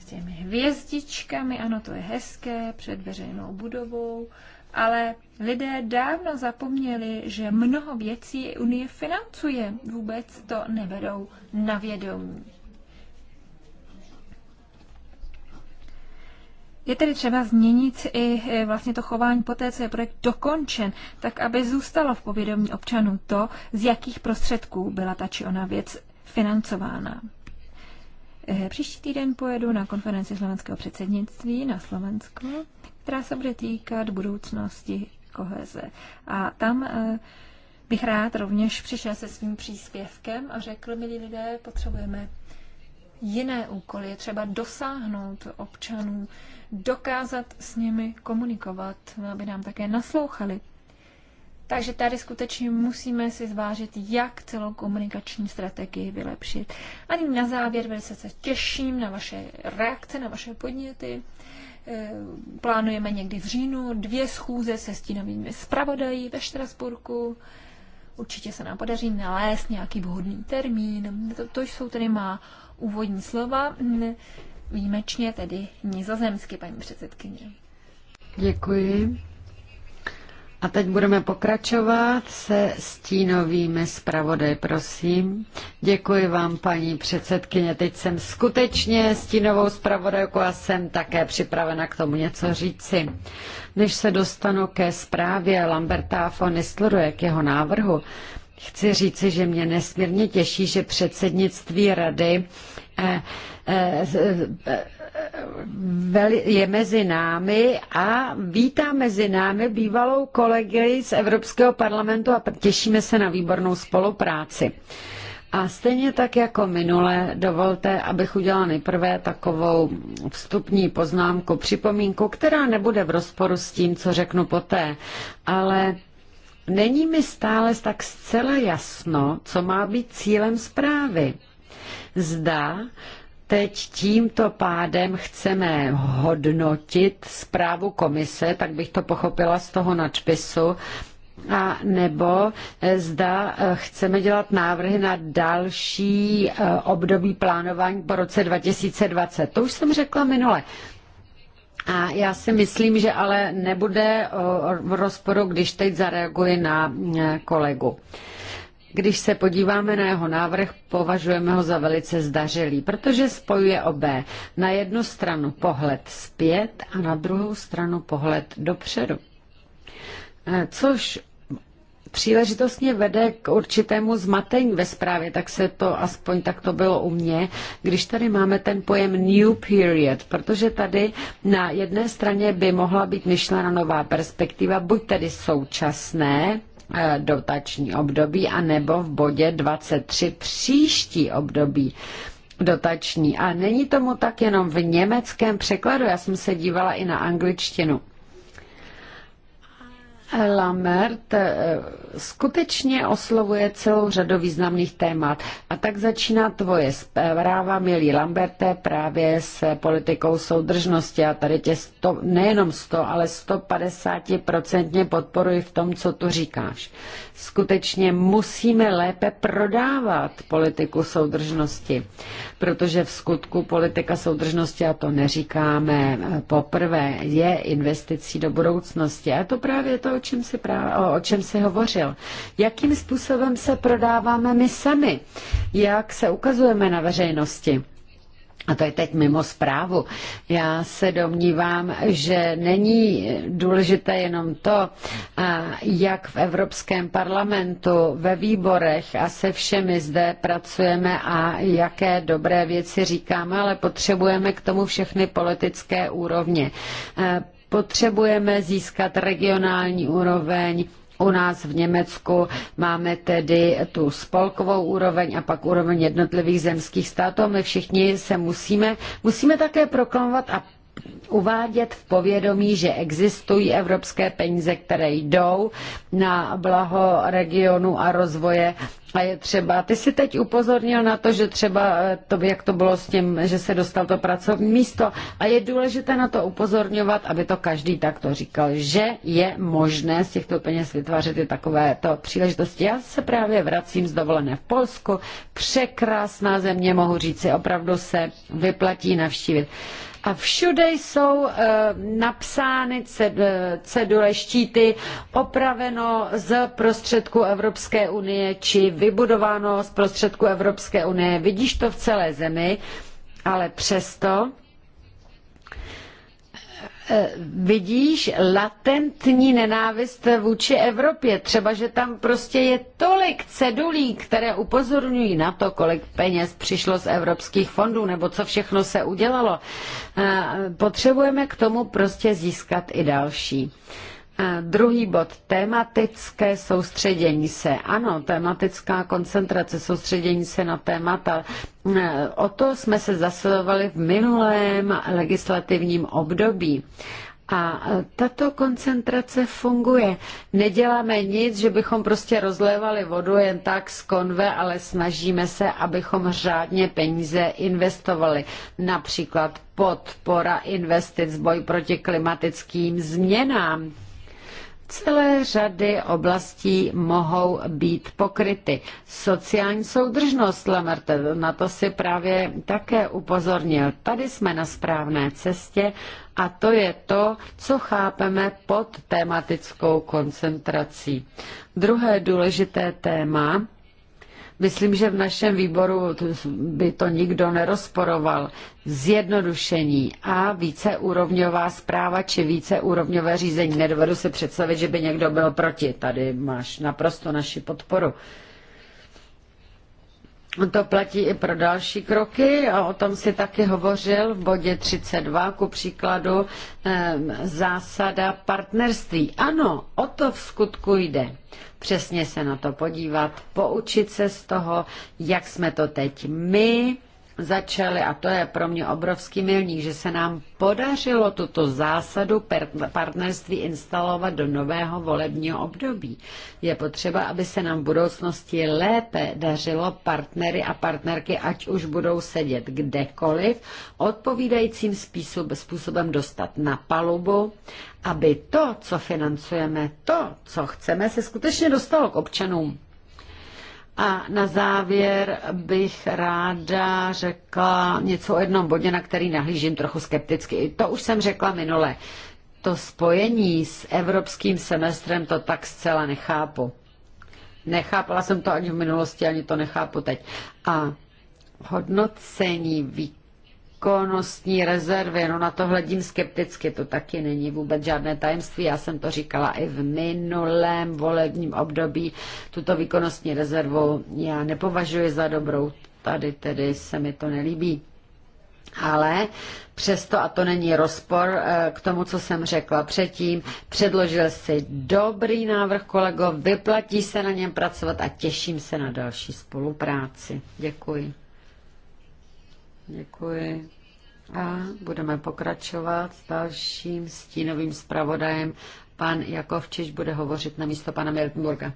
s těmi hvězdičkami, ano, to je hezké, před veřejnou budovou, ale lidé dávno zapomněli, že mnoho věcí Unie financuje. Vůbec to nevedou na vědomí. Je tedy třeba změnit i e, vlastně to chování poté, co je projekt dokončen, tak aby zůstalo v povědomí občanů to, z jakých prostředků byla ta či ona věc financována. E, příští týden pojedu na konferenci slovenského předsednictví na Slovensku, která se bude týkat budoucnosti koheze. A tam eh, bych rád rovněž přišel se svým příspěvkem a řekl, milí lidé, potřebujeme jiné úkoly, je třeba dosáhnout občanů, dokázat s nimi komunikovat, aby nám také naslouchali. Takže tady skutečně musíme si zvážit, jak celou komunikační strategii vylepšit. A na závěr velice se těším na vaše reakce, na vaše podněty Eh, plánujeme někdy v říjnu dvě schůze se stínovými zpravodají ve Štrasburku. Určitě se nám podaří nalézt nějaký vhodný termín. To, to jsou tedy má úvodní slova, hm, výjimečně tedy nizozemsky, paní předsedkyně. Děkuji. A teď budeme pokračovat se stínovými zpravodaj, prosím. Děkuji vám, paní předsedkyně. Teď jsem skutečně stínovou zpravodajku a jsem také připravena k tomu něco říci. Než se dostanu ke zprávě Lamberta von Nistleru, k jeho návrhu, Chci říci, že mě nesmírně těší, že předsednictví rady E, e, e, je mezi námi a vítá mezi námi bývalou kolegy z Evropského parlamentu a těšíme se na výbornou spolupráci. A stejně tak jako minule, dovolte, abych udělala nejprve takovou vstupní poznámku, připomínku, která nebude v rozporu s tím, co řeknu poté, ale není mi stále tak zcela jasno, co má být cílem zprávy zda teď tímto pádem chceme hodnotit zprávu komise, tak bych to pochopila z toho nadpisu, a nebo e, zda e, chceme dělat návrhy na další e, období plánování po roce 2020. To už jsem řekla minule. A já si myslím, že ale nebude v rozporu, když teď zareaguji na kolegu. Když se podíváme na jeho návrh, považujeme ho za velice zdařilý, protože spojuje obé. Na jednu stranu pohled zpět a na druhou stranu pohled dopředu. Eh, což příležitostně vede k určitému zmatení ve zprávě, tak se to aspoň tak to bylo u mě, když tady máme ten pojem new period, protože tady na jedné straně by mohla být myšlena nová perspektiva, buď tedy současné Eh, dotační období, a nebo v bodě 23 příští období dotační. A není tomu tak jenom v německém překladu, já jsem se dívala i na angličtinu. Lambert eh, skutečně oslovuje celou řadu významných témat. A tak začíná tvoje zpráva, milý Lamberte, právě s politikou soudržnosti. A tady tě sto, nejenom 100, ale 150% podporuji v tom, co tu říkáš skutečně musíme lépe prodávat politiku soudržnosti, protože v skutku politika soudržnosti, a to neříkáme eh, poprvé, je investicí do budoucnosti. A to právě to, o čem si, právě, o čem si hovořil. Jakým způsobem se prodáváme my sami? Jak se ukazujeme na veřejnosti? a to je teď mimo zprávu. Já se domnívám, že není důležité jenom to, jak v Evropském parlamentu, ve výborech a se všemi zde pracujeme a jaké dobré věci říkáme, ale potřebujeme k tomu všechny politické úrovně potřebujeme získat regionální úroveň, u nás v Německu máme tedy tu spolkovou úroveň a pak úroveň jednotlivých zemských států. My všichni se musíme, musíme také proklamovat a uvádět v povědomí, že existují evropské peníze, které jdou na blaho regionu a rozvoje. A je třeba, ty si teď upozornil na to, že třeba, eh, to, jak to bylo s tím, že se dostal to pracovní místo a je důležité na to upozorňovat, aby to každý takto říkal, že je možné z těchto peněz vytvářet i takovéto příležitosti. Já se právě vracím z dovolené v Polsku, překrásná země, mohu říci, opravdu se vyplatí navštívit. A všude jsou eh, napsány eh, cedule štíty opraveno z prostředku Evropské unie či vybudováno z prostředku Evropské unie. Vidíš to v celé zemi, ale přesto Eh, vidíš latentní nenávist vůči Evropě. Třeba, že tam prostě je tolik cedulí, které upozorňují na to, kolik peněz přišlo z evropských fondů nebo co všechno se udělalo. Eh, potřebujeme k tomu prostě získat i další. Eh, druhý bod, tematické soustředění se. Ano, tematická koncentrace, soustředění se na témata. Eh, o to jsme se zasilovali v minulém legislativním období. A eh, tato koncentrace funguje. Neděláme nic, že bychom prostě rozlévali vodu jen tak z konve, ale snažíme se, abychom řádně peníze investovali. Například podpora investic, boj proti klimatickým změnám celé řady oblastí mohou být pokryty. Sociální soudržnost, Lamert, na to si právě také upozornil. Tady jsme na správné cestě a to je to, co chápeme pod tematickou koncentrací. Druhé důležité téma Myslím, že v našem výboru by to nikdo nerozporoval. Zjednodušení a víceúrovňová zpráva či víceúrovňové řízení. Nedovedu si představit, že by někdo byl proti. Tady máš naprosto naši podporu. To platí i pro další kroky a o tom si taky hovořil v bodě 32, ku příkladu zásada partnerství. Ano, o to v skutku jde. Přesně se na to podívat, poučit se z toho, jak jsme to teď my začali, a to je pro mě obrovský milník, že se nám podařilo tuto zásadu partnerství instalovat do nového volebního období. Je potřeba, aby se nám v budoucnosti lépe dařilo partnery a partnerky, ať už budou sedět kdekoliv, odpovídajícím způsobem dostat na palubu, aby to, co financujeme, to, co chceme, se skutečně dostalo k občanům a na závěr bych ráda řekla něco o jednom bodě, na který nahlížím trochu skepticky. I to už jsem řekla minule. To spojení s evropským semestrem to tak zcela nechápu. Nechápala jsem to ani v minulosti, ani to nechápu teď. A hodnocení výkonu výkonnostní rezervy. No na to hledím skepticky, to taky není vůbec žádné tajemství. Já jsem to říkala i v minulém volebním období. Tuto výkonnostní rezervu já nepovažuji za dobrou. Tady tedy se mi to nelíbí. Ale přesto, a to není rozpor eh, k tomu, co jsem řekla předtím, předložil si dobrý návrh, kolego, vyplatí se na něm pracovat a těším se na další spolupráci. Děkuji. Děkuji. A budeme pokračovat s dalším stínovým zpravodajem. Pan Jakovčiš bude hovořit na místo pana Miltenburga.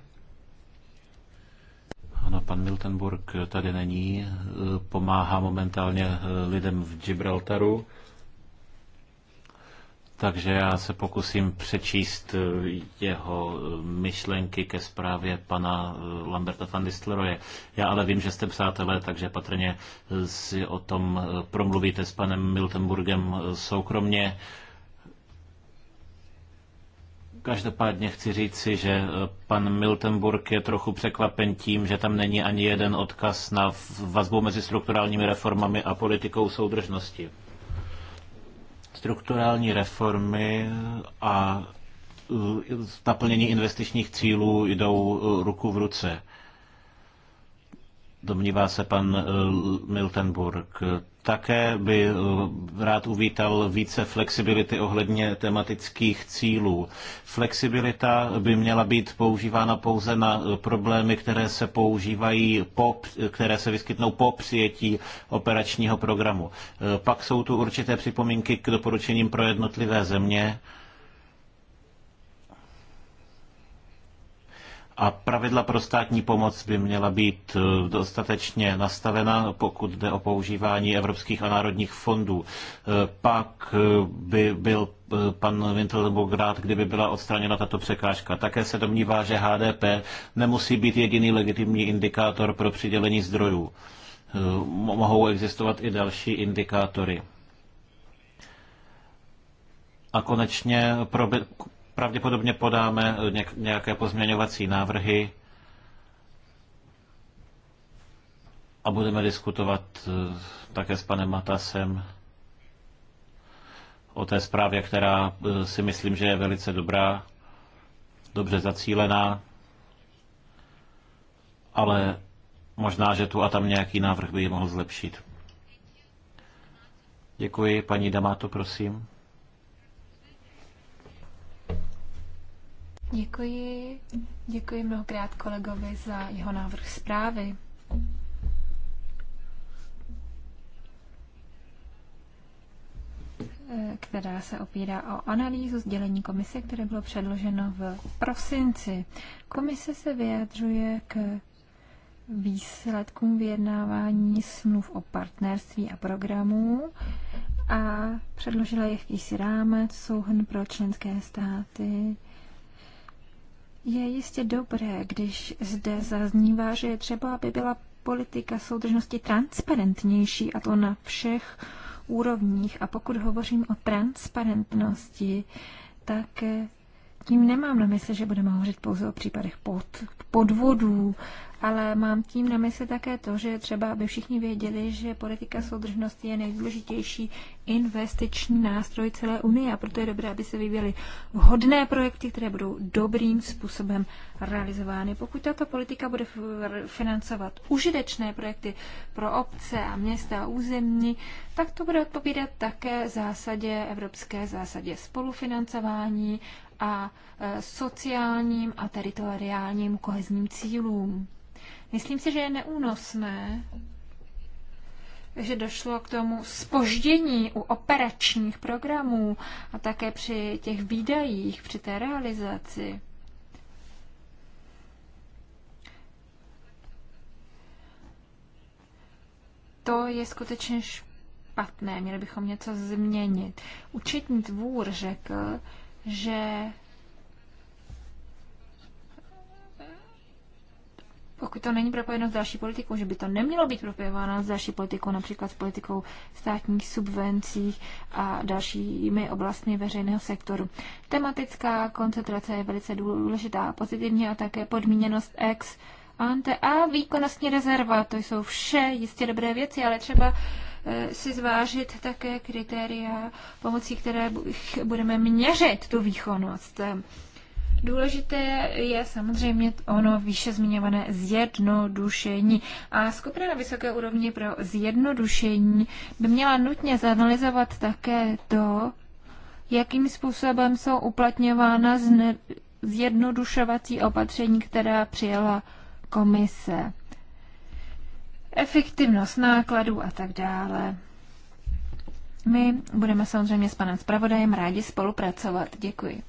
Ano, pan Miltenburg tady není, pomáhá momentálně lidem v Gibraltaru takže já se pokusím přečíst eh, jeho eh, myšlenky ke zprávě pana eh, Lamberta van Distleroje. Já ale vím, že jste přátelé, takže patrně si o tom promluvíte s panem Miltenburgem soukromně. Každopádně chci říci, že pan Miltenburg je trochu překvapen tím, že tam není ani jeden odkaz na vazbu mezi strukturálními reformami a politikou soudržnosti strukturální reformy a e, naplnění investičních cílů jdou e, ruku v ruce. Domnívá se pan eh, Miltenburg. Také by eh, rád uvítal více flexibility ohledně tematických cílů. Flexibilita by měla být používána pouze na eh, problémy, které se používají, po, které se vyskytnou po přijetí operačního programu. Pak jsou tu určité připomínky k doporučením pro jednotlivé země. A pravidla pro státní pomoc by měla být eh, dostatečně nastavena, pokud jde o používání evropských a národních fondů. Eh, pak eh, by byl pan Wintelberg rád, kdyby byla odstraněna tato překážka. Také se domnívá, že HDP nemusí být jediný legitimní indikátor pro přidělení zdrojů. Mohou existovat i další indikátory. A konečně Pravděpodobně podáme eh, nějaké pozměňovací návrhy a budeme diskutovat eh, také s panem Matasem o té zprávě, která eh, si myslím, že je velice dobrá, dobře zacílená, ale možná, že tu a tam nějaký návrh by ji mohl zlepšit. Děkuji, paní Damato, prosím. Děkuji. Děkuji mnohokrát kolegovi za jeho návrh zprávy. Eh, která se opírá o analýzu sdělení komise, které bylo předloženo v prosinci. Komise se vyjadřuje k výsledkům vyjednávání smluv o partnerství a programů a předložila je v rámec, souhrn pro členské státy, je jistě dobré, když zde zaznívá, že je třeba, aby byla politika soudržnosti transparentnější a to na všech úrovních. A pokud hovořím o transparentnosti, tak tím nemám na mysli, že budeme hovořit pouze o případech pod, podvodů, ale mám tím na mysli také to, že třeba, aby všichni věděli, že politika soudržnosti je nejdůležitější investiční nástroj celé Unie a proto je dobré, aby se vyvíjely hodné projekty, které budou dobrým způsobem realizovány. Pokud tato politika bude financovat užitečné projekty pro obce a města a území, tak to bude odpovídat také zásadě, evropské zásadě spolufinancování a e, sociálním a teritoriálním kohezním cílům. Myslím si, že je neúnosné, že došlo k tomu spoždění u operačních programů a také při těch výdajích, při té realizaci. To je skutečně špatné, měli bychom něco změnit. Učetní dvůr řekl, že pokud to není propojeno s další politikou, že by to nemělo být propojováno s další politikou, například s politikou státních subvencí a dalšími oblastmi veřejného sektoru. Tematická koncentrace je velice důležitá pozitivně a také podmíněnost ex ante a výkonnostní rezerva. To jsou vše jistě dobré věci, ale třeba Eh, si zvážit také kritéria, pomocí které budeme měřit tu výkonnost. Důležité je samozřejmě ono výše zmiňované zjednodušení. A skupina na vysoké úrovni pro zjednodušení by měla nutně zanalizovat také to, jakým způsobem jsou uplatňována zjednodušovací opatření, která přijela komise efektivnost nákladů a tak dále. My budeme samozřejmě s panem zpravodajem rádi spolupracovat. Děkuji.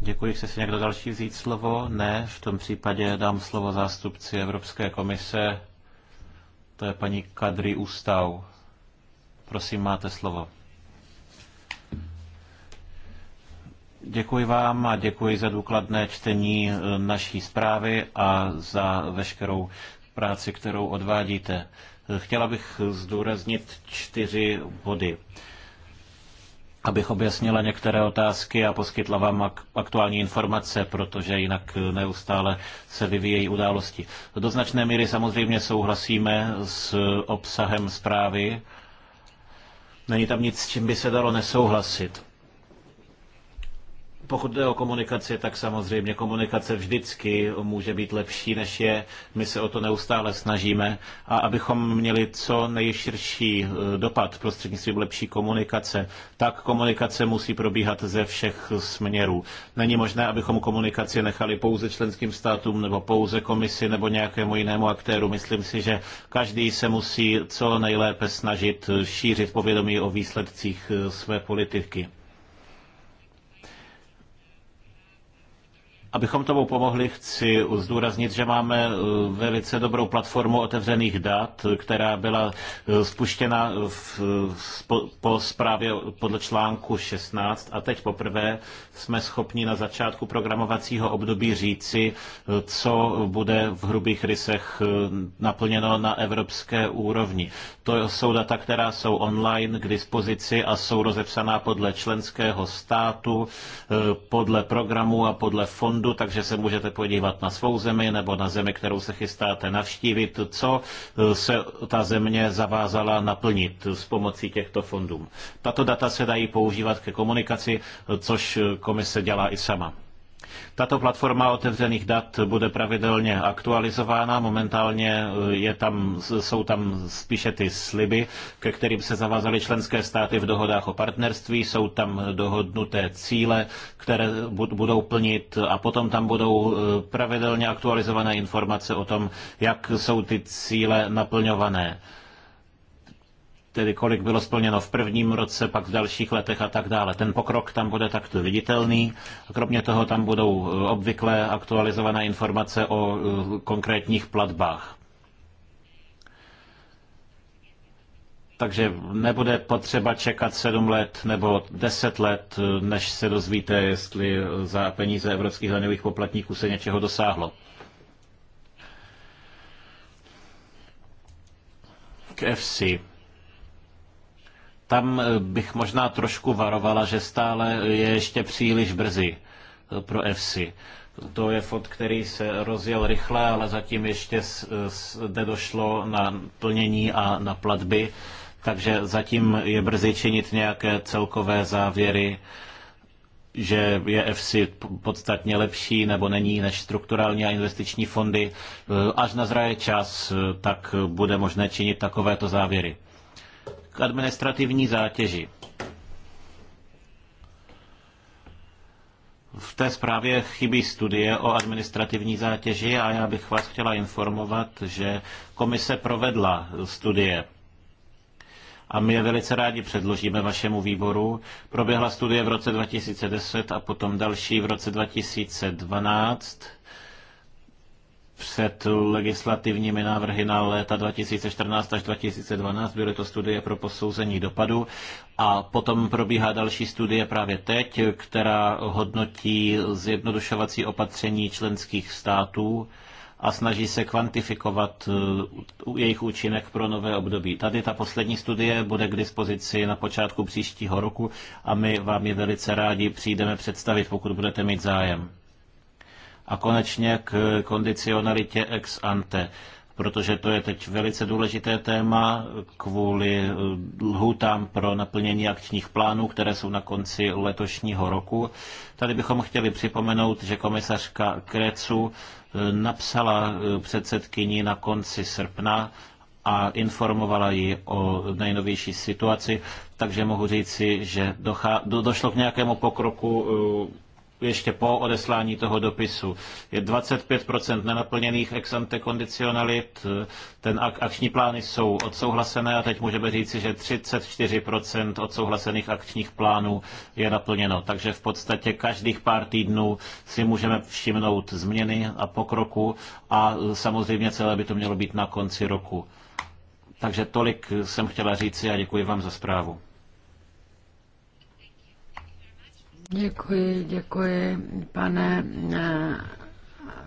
Děkuji. Chce si někdo další vzít slovo? Ne. V tom případě dám slovo zástupci Evropské komise. To je paní Kadri Ústav. Prosím, máte slovo. Děkuji vám a děkuji za důkladné čtení eh, naší zprávy a za veškerou práci, kterou odvádíte. Chtěla bych zdůraznit čtyři body abych objasnila některé otázky a poskytla vám aktuální informace, protože jinak neustále se vyvíjejí události. Do značné míry samozřejmě souhlasíme s obsahem zprávy. Není tam nic, s čím by se dalo nesouhlasit. Pokud jde o komunikaci, tak samozřejmě komunikace vždycky může být lepší, než je. My se o to neustále snažíme. A abychom měli co nejširší eh, dopad prostřednictvím lepší komunikace, tak komunikace musí probíhat ze všech směrů. Není možné, abychom komunikaci nechali pouze členským státům nebo pouze komisi nebo nějakému jinému aktéru. Myslím si, že každý se musí co nejlépe snažit šířit povědomí o výsledcích eh, své politiky. Abychom tomu pomohli, chci zdůraznit, že máme eh, velice dobrou platformu otevřených dat, která byla eh, spuštěna v, po, po zprávě podle článku 16 a teď poprvé jsme schopni na začátku programovacího období říci, eh, co bude v hrubých rysech naplněno na evropské úrovni. To jsou data, která jsou online k dispozici a jsou rozepsaná podle členského státu, podle programu a podle fondu fondu, takže se můžete podívat na svou zemi nebo na zemi, kterou se chystáte navštívit, co e, se ta země zavázala naplnit s pomocí těchto fondů. Tato data se dají používat ke komunikaci, což komise dělá i sama. Tato platforma otevřených dat bude pravidelně aktualizována. Momentálně eh, je tam, jsou tam spíše ty sliby, ke kterým se zavázaly členské státy v dohodách o partnerství. Jsou tam dohodnuté cíle, které budou plnit a potom tam budou eh, pravidelně aktualizované informace o tom, jak jsou ty cíle naplňované tedy kolik bylo splněno v prvním roce, pak v dalších letech a tak dále. Ten pokrok tam bude takto viditelný. Kromě toho tam budou e, obvykle aktualizované informace o e, konkrétních platbách. Takže nebude potřeba čekat sedm let nebo deset let, e, než se dozvíte, jestli za peníze evropských daňových poplatníků se něčeho dosáhlo. K FC. Tam eh, bych možná trošku varovala, že stále je ještě příliš brzy eh, pro EFSI. To je fond, který se rozjel rychle, ale zatím ještě nedošlo na plnění a na platby, takže zatím je brzy činit nějaké celkové závěry, že je FC podstatně lepší nebo není než strukturální a investiční fondy. Eh, Až nazraje čas, tak bude možné činit takovéto závěry administrativní zátěži. V té zprávě chybí studie o administrativní zátěži a já bych vás chtěla informovat, že komise provedla studie a my je velice rádi předložíme vašemu výboru. Proběhla studie v roce 2010 a potom další v roce 2012 před legislativními návrhy na léta 2014 až 2012. Byly to studie pro posouzení dopadu a potom probíhá další studie právě teď, která hodnotí zjednodušovací opatření členských států a snaží se kvantifikovat eh, jejich účinek pro nové období. Tady ta poslední studie bude k dispozici na počátku příštího roku a my vám je velice rádi přijdeme představit, pokud budete mít zájem. A konečně k kondicionalitě ex ante protože to je teď velice důležité téma kvůli eh, lhůtám pro naplnění akčních plánů, které jsou na konci letošního roku. Tady bychom chtěli připomenout, že komisařka Krecu eh, napsala eh, předsedkyni na konci srpna a informovala ji o nejnovější situaci, takže mohu říci, že došlo k nějakému pokroku ještě po odeslání toho dopisu. Je 25% nenaplněných ex ante kondicionalit, ten ak- akční plány jsou odsouhlasené a teď můžeme říci, že 34% odsouhlasených akčních plánů je naplněno. Takže v podstatě každých pár týdnů si můžeme všimnout změny a pokroku a samozřejmě celé by to mělo být na konci roku. Takže tolik jsem chtěla říci a děkuji vám za zprávu. Děkuji, děkuji, pane eh,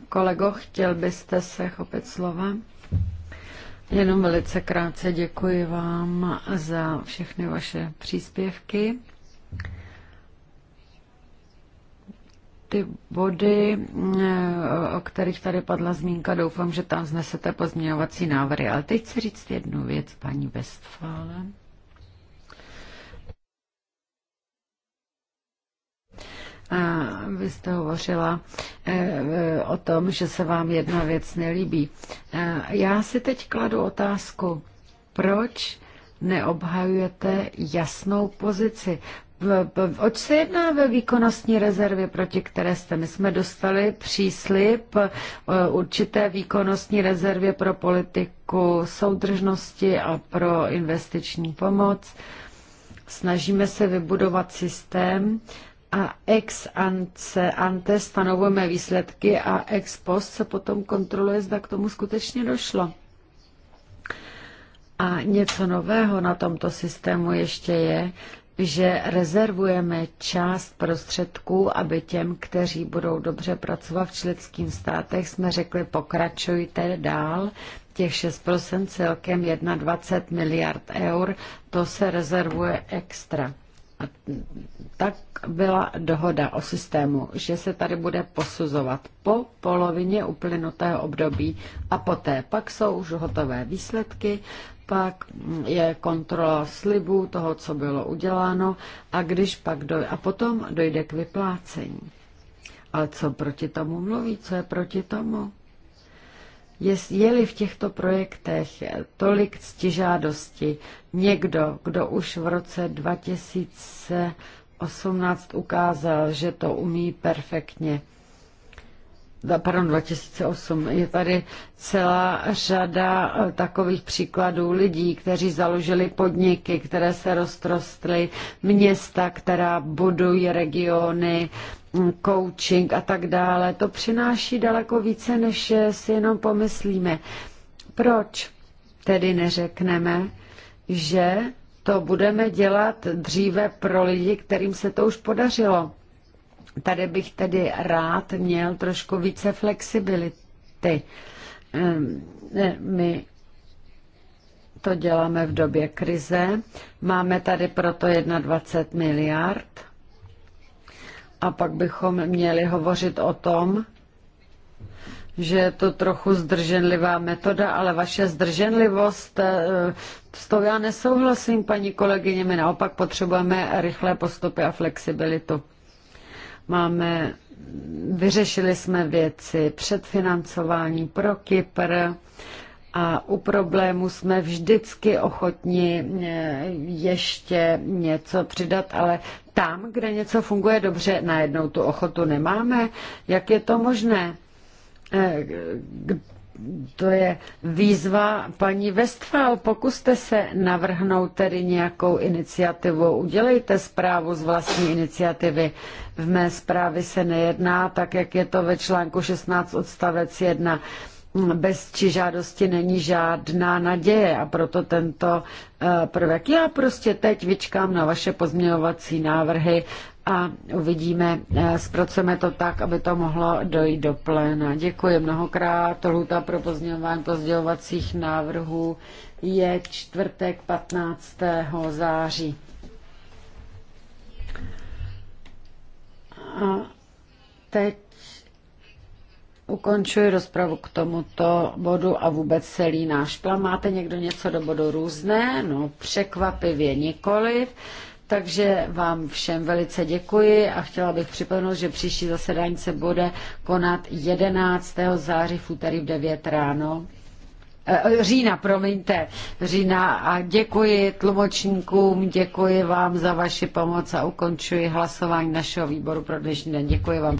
kolego. Chtěl byste se chopit slova? Jenom velice krátce děkuji vám za všechny vaše příspěvky. Ty body, eh, o kterých tady padla zmínka, doufám, že tam znesete pozměňovací návrhy. Ale teď chci říct jednu věc, paní Westfále. Vy jste hovořila eh, eh, o tom, že se vám jedna věc nelíbí. Eh, já si teď kladu otázku, proč neobhajujete jasnou pozici? Oč se jedná ve výkonnostní rezervě, proti které jste? My jsme dostali příslip určité výkonnostní rezervě pro politiku soudržnosti a pro investiční pomoc. Snažíme se vybudovat systém, a ex ante stanovujeme výsledky a ex post se potom kontroluje, zda k tomu skutečně došlo. A něco nového na tomto systému ještě je, že rezervujeme část prostředků, aby těm, kteří budou dobře pracovat v členských státech, jsme řekli, pokračujte dál. Těch 6% celkem 21 miliard eur, to se rezervuje extra. A tak byla dohoda o systému, že se tady bude posuzovat po polovině uplynutého období a poté pak jsou už hotové výsledky, pak je kontrola slibů toho, co bylo uděláno a, když pak doj- a potom dojde k vyplácení. Ale co proti tomu mluví? Co je proti tomu? Je-li v těchto projektech tolik ctižádosti někdo, kdo už v roce 2000 18 ukázal, že to umí perfektně. Pardon, 2008. Je tady celá řada eh, takových příkladů lidí, kteří založili podniky, které se roztrostly, města, která budují regiony, mm, coaching a tak dále. To přináší daleko více, než si jenom pomyslíme. Proč tedy neřekneme, že to budeme dělat dříve pro lidi, kterým se to už podařilo. Tady bych tedy rád měl trošku více flexibility. Ehm, e, my to děláme v době krize. Máme tady proto 21 miliard. A pak bychom měli hovořit o tom, že je to trochu zdrženlivá metoda, ale vaše zdrženlivost, eh, s tou já nesouhlasím, paní kolegyně, my naopak potřebujeme rychlé postupy a flexibilitu. Máme, vyřešili jsme věci předfinancování pro Kypr, a u problému jsme vždycky ochotni eh, ještě něco přidat, ale tam, kde něco funguje dobře, najednou tu ochotu nemáme. Jak je to možné? Eh, to je výzva paní Westphal. Pokuste se navrhnout tedy nějakou iniciativu. Udělejte zprávu z vlastní iniciativy. V mé zprávě se nejedná, tak jak je to ve článku 16 odstavec 1. Bez či žádosti není žádná naděje a proto tento eh, prvek. Já prostě teď vyčkám na vaše pozměňovací návrhy a uvidíme, eh, zpracujeme to tak, aby to mohlo dojít do pléna. Děkuji mnohokrát. Lhuta pro pozdělování pozdějovacích návrhů je čtvrtek 15. září. A teď ukončuji rozpravu k tomuto bodu a vůbec celý náš plán. Máte někdo něco do bodu různé? No překvapivě nikoliv. Takže vám všem velice děkuji a chtěla bych připomenout, že příští zasedání se bude konat 11. září v úterý v 9 ráno. Eh, eh, října, promiňte, Října a děkuji tlumočníkům, děkuji vám za vaši pomoc a ukončuji hlasování našeho výboru pro dnešní den. Děkuji vám.